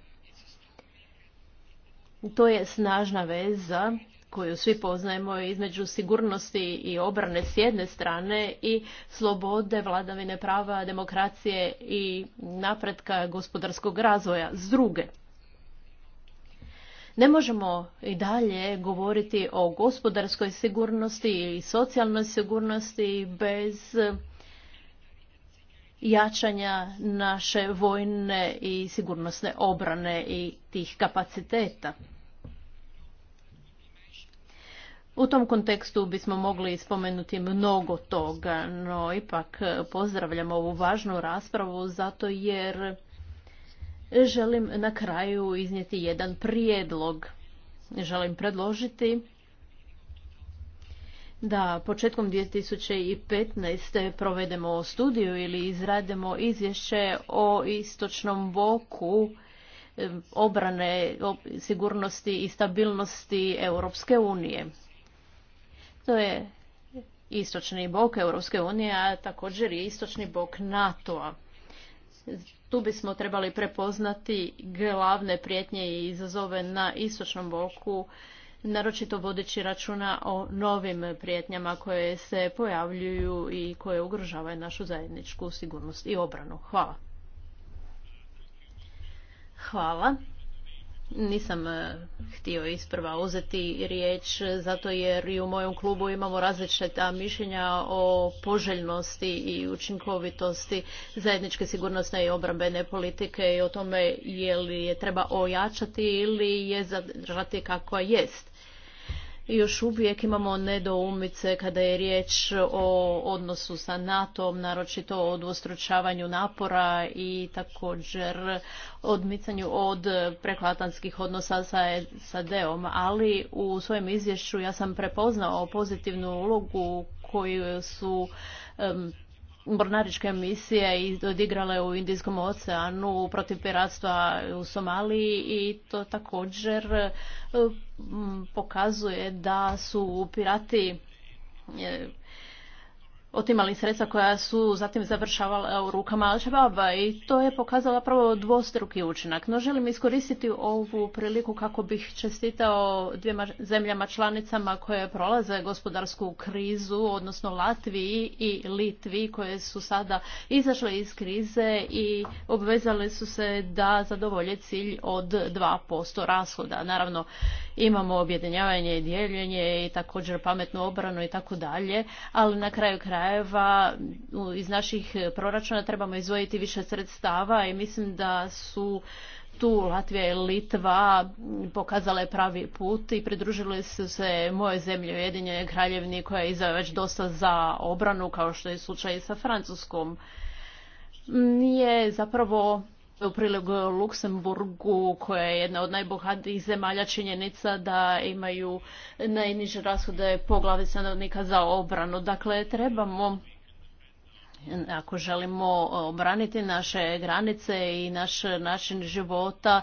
Speaker 3: To je snažna veza koju svi poznajemo između sigurnosti i obrane s jedne strane i slobode, vladavine prava, demokracije i napretka gospodarskog razvoja s druge. Ne možemo i dalje govoriti o gospodarskoj sigurnosti i socijalnoj sigurnosti bez jačanja naše vojne i sigurnosne obrane i tih kapaciteta. U tom kontekstu bismo mogli spomenuti mnogo toga, no ipak pozdravljam ovu važnu raspravu zato jer želim na kraju iznijeti jedan prijedlog. Želim predložiti da početkom 2015. provedemo studiju ili izradimo izvješće o istočnom boku obrane, sigurnosti i stabilnosti Europske unije. To je istočni bok Europske unije, a također je istočni bok NATO-a. Tu bismo trebali prepoznati glavne prijetnje i izazove na istočnom boku, naročito vodeći računa o novim prijetnjama koje se pojavljuju i koje ugrožavaju našu zajedničku sigurnost i obranu. Hvala. Hvala. Nisam e, htio isprva uzeti riječ zato jer i u mojem klubu imamo različita mišljenja o poželjnosti i učinkovitosti zajedničke sigurnosne i obrambene politike i o tome je li je treba ojačati ili je zadržati kakva jest još uvijek imamo nedoumice kada je riječ o odnosu sa NATO-om, naročito o dvostručavanju napora i također odmicanju od prekoatlantskih odnosa sa sad Ali u svojem izvješću ja sam prepoznao pozitivnu ulogu koju su mornaričke misije i odigrale u Indijskom oceanu protiv piratstva u Somaliji i to također e, pokazuje da su pirati e, otimali sredstva koja su zatim završavala u rukama al i to je pokazala prvo dvostruki učinak. No želim iskoristiti ovu priliku kako bih čestitao dvijema zemljama članicama koje prolaze gospodarsku krizu, odnosno Latviji i Litvi koje su sada izašle iz krize i obvezale su se da zadovolje cilj od 2% rashoda. Naravno, imamo objedinjavanje i dijeljenje i također pametnu obranu i tako dalje, ali na kraju krajeva iz naših proračuna trebamo izvojiti više sredstava i mislim da su tu Latvija i Litva pokazale pravi put i pridružili su se moje zemlje Ujedinjene kraljevni koja je već dosta za obranu kao što je slučaj sa Francuskom. Nije zapravo u prilog Luksemburgu, koja je jedna od najbogatijih zemalja, činjenica da imaju najniže rashode po glavi stanovnika za obranu. Dakle, trebamo ako želimo obraniti naše granice i naš način života,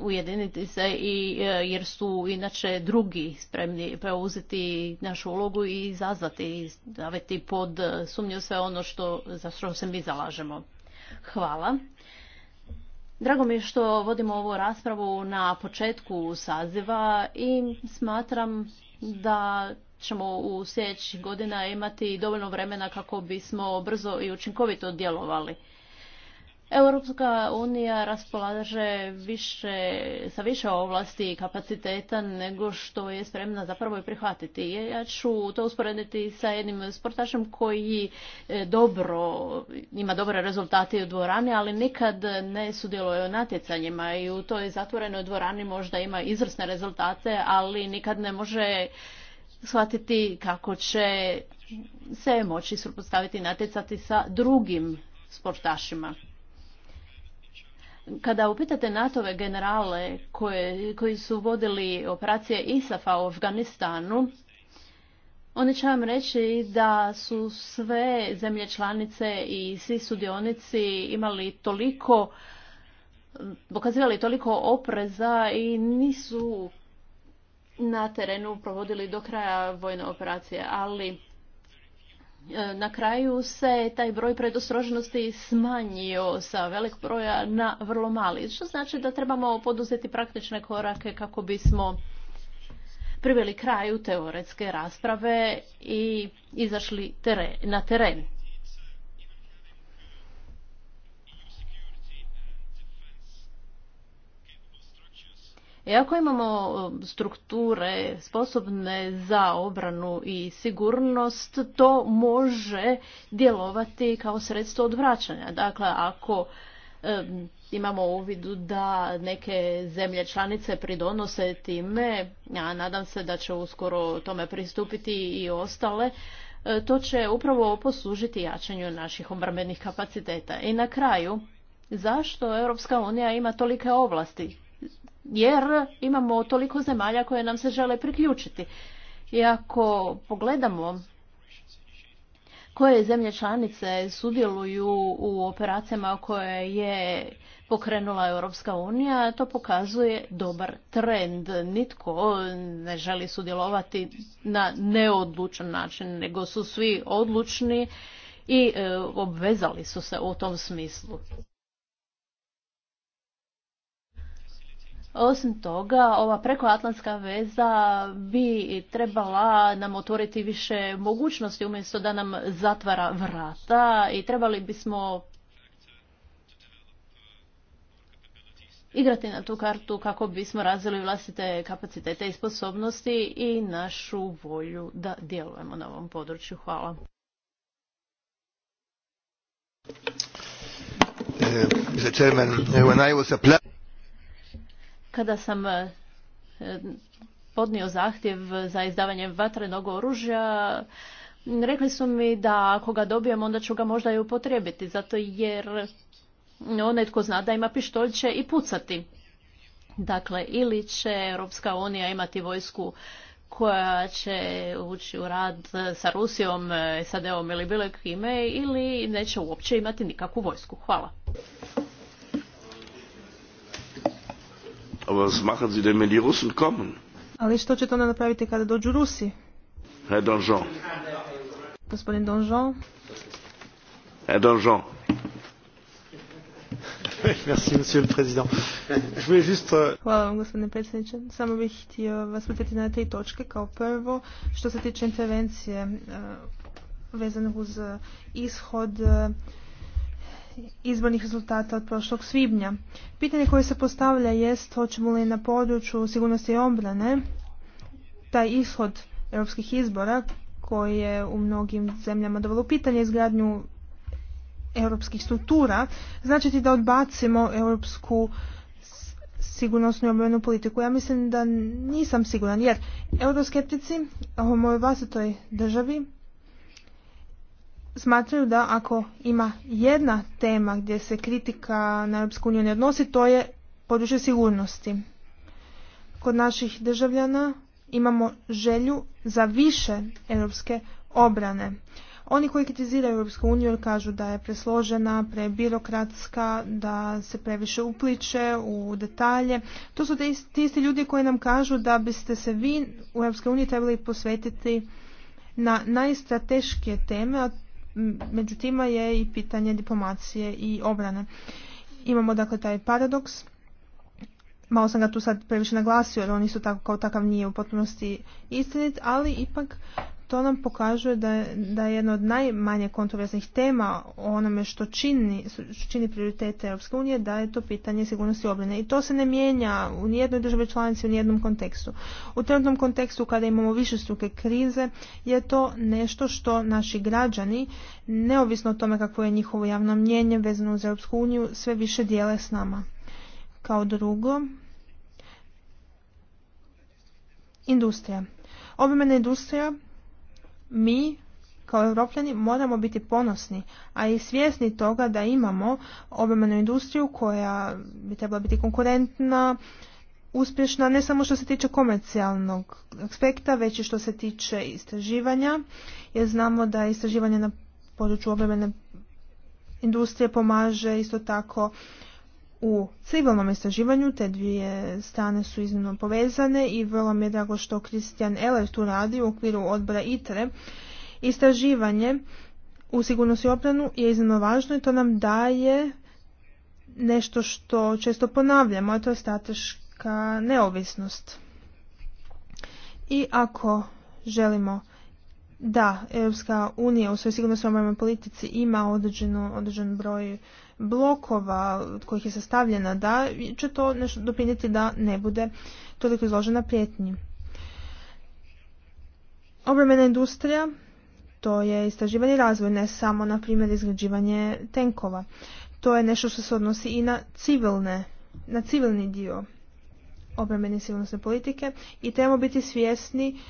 Speaker 3: ujediniti se i e, jer su inače drugi spremni preuzeti našu ulogu i izazvati i staviti pod sumnju sve ono što, za što se mi zalažemo. Hvala. Drago mi je što vodimo ovu raspravu na početku saziva i smatram da ćemo u sljedećih godina imati dovoljno vremena kako bismo brzo i učinkovito djelovali. Europska unija raspolaže više, sa više ovlasti i kapaciteta nego što je spremna zapravo i prihvatiti. Ja ću to usporediti sa jednim sportašem koji e, dobro, ima dobre rezultate u dvorani, ali nikad ne sudjeluje u natjecanjima i u toj zatvorenoj dvorani možda ima izvrsne rezultate, ali nikad ne može shvatiti kako će se moći suprotstaviti natjecati sa drugim sportašima. Kada upitate NATO-ve generale koje, koji su vodili operacije ISAF-a u Afganistanu, oni će vam reći da su sve zemlje članice i svi sudionici imali toliko, pokazivali toliko opreza i nisu na terenu provodili do kraja vojne operacije, ali E, na kraju se taj broj predostroženosti smanjio sa velikog broja na vrlo mali. Što znači da trebamo poduzeti praktične korake kako bismo priveli kraju teoretske rasprave i izašli na teren. Iako e, ako imamo strukture sposobne za obranu i sigurnost, to može djelovati kao sredstvo odvraćanja. Dakle, ako imamo u vidu da neke zemlje članice pridonose time, ja nadam se da će uskoro tome pristupiti i ostale, e, to će upravo poslužiti jačanju naših obrambenih kapaciteta. I na kraju, zašto Europska unija ima tolike ovlasti? jer imamo toliko zemalja koje nam se žele priključiti. I ako pogledamo koje zemlje članice sudjeluju u operacijama koje je pokrenula Europska unija, to pokazuje dobar trend. Nitko ne želi sudjelovati na neodlučan način, nego su svi odlučni i e, obvezali su se u tom smislu. Osim toga, ova prekoatlantska veza bi trebala nam otvoriti više mogućnosti umjesto da nam zatvara vrata i trebali bismo igrati na tu kartu kako bismo razvili vlastite kapacitete i sposobnosti i našu volju da djelujemo na ovom području. Hvala.
Speaker 2: Eh, eh,
Speaker 3: kada sam e, podnio zahtjev za izdavanje vatrenog oružja, rekli su mi da ako ga dobijem onda ću ga možda i upotrijebiti, zato jer onaj tko zna da ima pištolj će i pucati. Dakle, ili će Europska unija imati vojsku koja će ući u rad sa Rusijom, e, SAD-om ili bilo kime, ili neće uopće imati nikakvu vojsku. Hvala.
Speaker 1: Aber was machen Sie denn, wenn die Russen kommen?
Speaker 2: Ali što ćete onda napraviti kada dođu Rusi? Herr Donjon. Gospodin Donjon. Herr Donjon. Merci, monsieur le président.
Speaker 1: Je voulais juste... Euh,
Speaker 2: Hvala vam, gospodine predsjedniče. Samo bih htio vas pitati na tri točke. Kao prvo, što se tiče intervencije eh, vezanog uz eh, ishod eh, izbornih rezultata od prošlog svibnja. Pitanje koje se postavlja jest hoćemo li na području sigurnosti i obrane taj ishod europskih izbora koji je u mnogim zemljama dovelo pitanje izgradnju europskih struktura, značiti da odbacimo europsku sigurnosnu i obranu politiku. Ja mislim da nisam siguran jer euroskeptici u mojoj vlastitoj državi smatraju da ako ima jedna tema gdje se kritika na Europsku uniju ne odnosi, to je područje sigurnosti. Kod naših državljana imamo želju za više europske obrane. Oni koji kritiziraju Europsku uniju kažu da je presložena, prebirokratska, da se previše upliče u detalje. To su ti isti ljudi koji nam kažu da biste se vi u Europskoj uniji trebali posvetiti na najstrateškije teme, a među je i pitanje diplomacije i obrane. Imamo dakle taj paradoks. Malo sam ga tu sad previše naglasio jer on isto tako kao takav nije u potpunosti istinit, ali ipak to nam pokazuje da, da je jedna od najmanje kontroverznih tema o onome što čini, čini prioritete Europske unije, da je to pitanje sigurnosti obrane. I to se ne mijenja u nijednoj državi članici, u nijednom kontekstu. U trenutnom kontekstu kada imamo više struke krize je to nešto što naši građani, neovisno o tome kako je njihovo javno mnjenje vezano uz Europsku uniju, sve više dijele s nama. Kao drugo, industrija. Obrambena industrija mi kao europljani moramo biti ponosni, a i svjesni toga da imamo obrambenu industriju koja bi trebala biti konkurentna, uspješna ne samo što se tiče komercijalnog aspekta, već i što se tiče istraživanja, jer znamo da istraživanje na području obrambene industrije pomaže isto tako u civilnom istraživanju te dvije strane su iznimno povezane i vrlo mi je drago što Kristijan Eller tu radi u okviru odbora ITRE. Istraživanje u sigurnosti i obranu je iznimno važno i to nam daje nešto što često ponavljamo, a to je strateška neovisnost. I ako želimo da Europska unija u svojoj i obrambnoj politici ima određen broj blokova od kojih je sastavljena, da će to nešto doprinijeti da ne bude toliko izložena prijetnji. Obrambena industrija, to je istraživanje i razvoj, ne samo na primjer izgrađivanje tenkova. To je nešto što se odnosi i na civilne, na civilni dio obrambene i sigurnosne politike i trebamo biti svjesni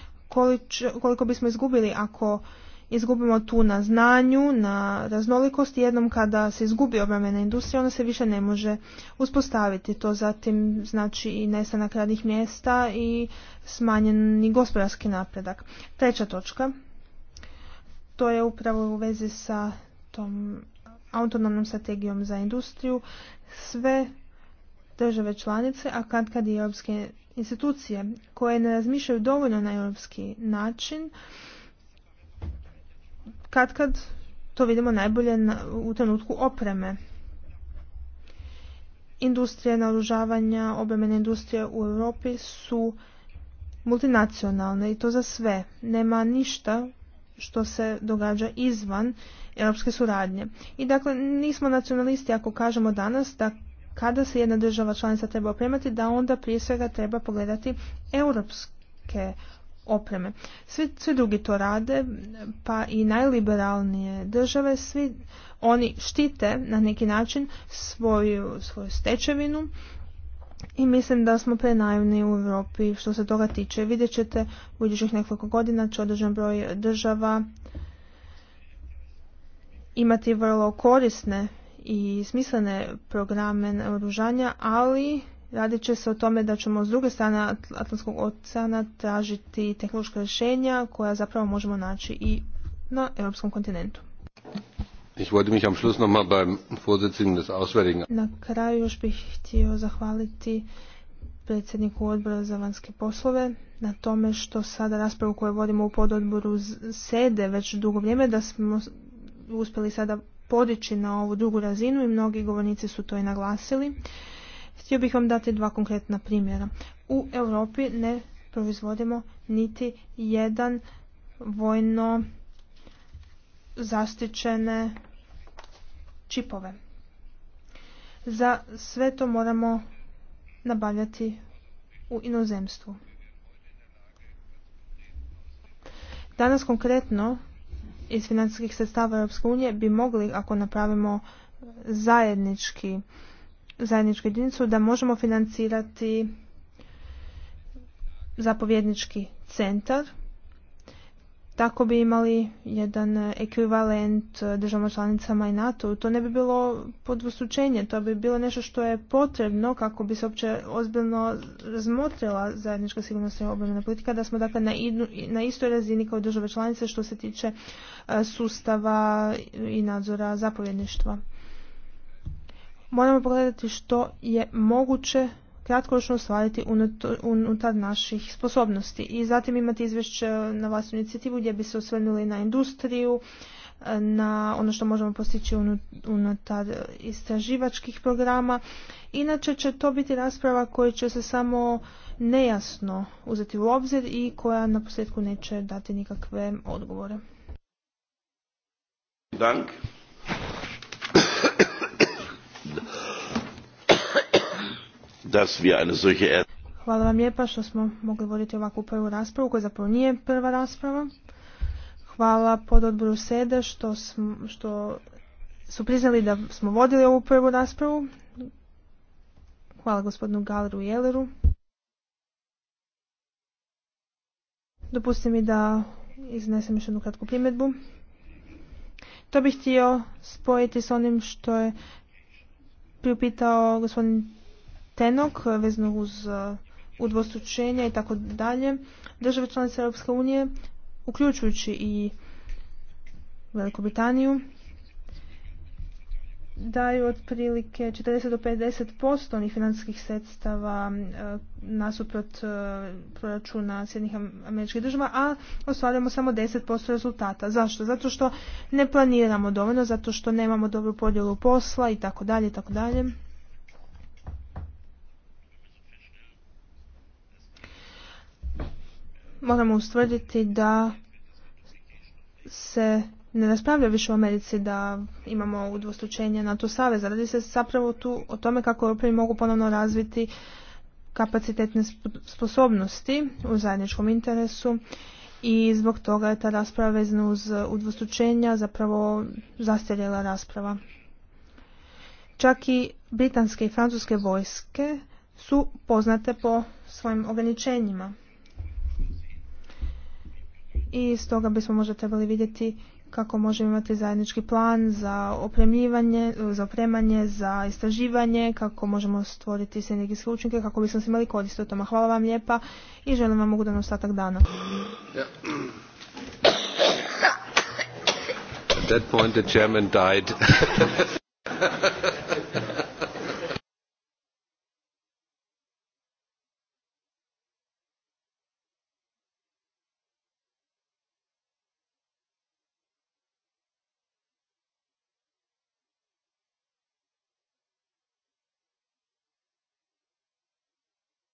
Speaker 2: koliko bismo izgubili ako izgubimo tu na znanju, na raznolikosti. Jednom kada se izgubi obrambena industrija, ona se više ne može uspostaviti. To zatim znači i nestanak radnih mjesta i smanjen smanjeni gospodarski napredak. Treća točka. To je upravo u vezi sa tom autonomnom strategijom za industriju. Sve države članice, a kad kad i europske institucije koje ne razmišljaju dovoljno na europski način, kad kad to vidimo najbolje u trenutku opreme. Industrije naoružavanja, obrambene industrije u Europi su multinacionalne i to za sve. Nema ništa što se događa izvan europske suradnje. I dakle, nismo nacionalisti ako kažemo danas da kada se jedna država članica treba opremati, da onda prije svega treba pogledati europske opreme. Svi, drugi to rade, pa i najliberalnije države, svi oni štite na neki način svoju, svoju stečevinu i mislim da smo prenaivni u Europi što se toga tiče. Vidjet ćete u idućih nekoliko godina će određen broj država imati vrlo korisne i smislene programe oružanja, ali Radit će se o tome da ćemo s druge strane Atlantskog oceana tražiti tehnološka rješenja koja zapravo možemo naći i na europskom kontinentu. Ich wollte mich am Schluss noch mal beim Vorsitzenden des Auswärtigen Na kraju još bih htio zahvaliti predsjedniku odbora za vanjske poslove na tome što sada raspravu koju vodimo u pododboru sede već dugo vrijeme da smo uspjeli sada podići na ovu drugu razinu i mnogi govornici su to i naglasili. Htio bih vam dati dva konkretna primjera. U Europi ne proizvodimo niti jedan vojno zaštićene čipove. Za sve to moramo nabavljati u inozemstvu. Danas konkretno iz financijskih sredstava Europske unije bi mogli, ako napravimo zajednički zajedničku jedinicu da možemo financirati zapovjednički centar. Tako bi imali jedan ekvivalent državama članicama i NATO. To ne bi bilo podvostučenje, to bi bilo nešto što je potrebno kako bi se opće ozbiljno razmotrila zajednička sigurnosna i obrambena politika, da smo dakle na, na istoj razini kao države članice što se tiče e, sustava i nadzora zapovjedništva moramo pogledati što je moguće kratkoročno ostvariti unutar naših sposobnosti. I zatim imati izvješće na vlastnu inicijativu gdje bi se osvrnuli na industriju, na ono što možemo postići unutar istraživačkih programa. Inače će to biti rasprava koja će se samo nejasno uzeti u obzir i koja na posljedku neće dati nikakve odgovore.
Speaker 1: Dank.
Speaker 3: dass
Speaker 2: Hvala vam lijepa što smo mogli voditi ovakvu prvu raspravu, koja zapravo nije prva rasprava. Hvala odboru Sede što, što su priznali da smo vodili ovu prvu raspravu. Hvala gospodinu Galeru Jeleru. Dopustite mi da iznesem još jednu kratku primjedbu. To bih htio spojiti s onim što je priupitao gospodin Tenok vezno uz uh, udvostručenja i tako dalje, države članice Europske unije, uključujući i Veliku Britaniju, daju otprilike 40 do 50% onih financijskih sredstava uh, nasuprot uh, proračuna Sjednih američkih država, a ostvarujemo samo 10% rezultata. Zašto? Zato što ne planiramo dovoljno, zato što nemamo dobru podjelu posla i tako dalje i tako dalje. moramo ustvrditi da se ne raspravlja više u Americi da imamo udvostručenje NATO saveza. Radi se zapravo tu o tome kako Europi mogu ponovno razviti kapacitetne sposobnosti u zajedničkom interesu i zbog toga je ta rasprava vezana uz udvostručenja zapravo zastarjela rasprava. Čak i britanske i francuske vojske su poznate po svojim ograničenjima i stoga bismo možda trebali vidjeti kako možemo imati zajednički plan za opremljivanje, za opremanje, za istraživanje, kako možemo stvoriti sinergijske učinke, kako bismo se imali koristiti o toma. Hvala vam lijepa i želim vam ugodan ostatak dana.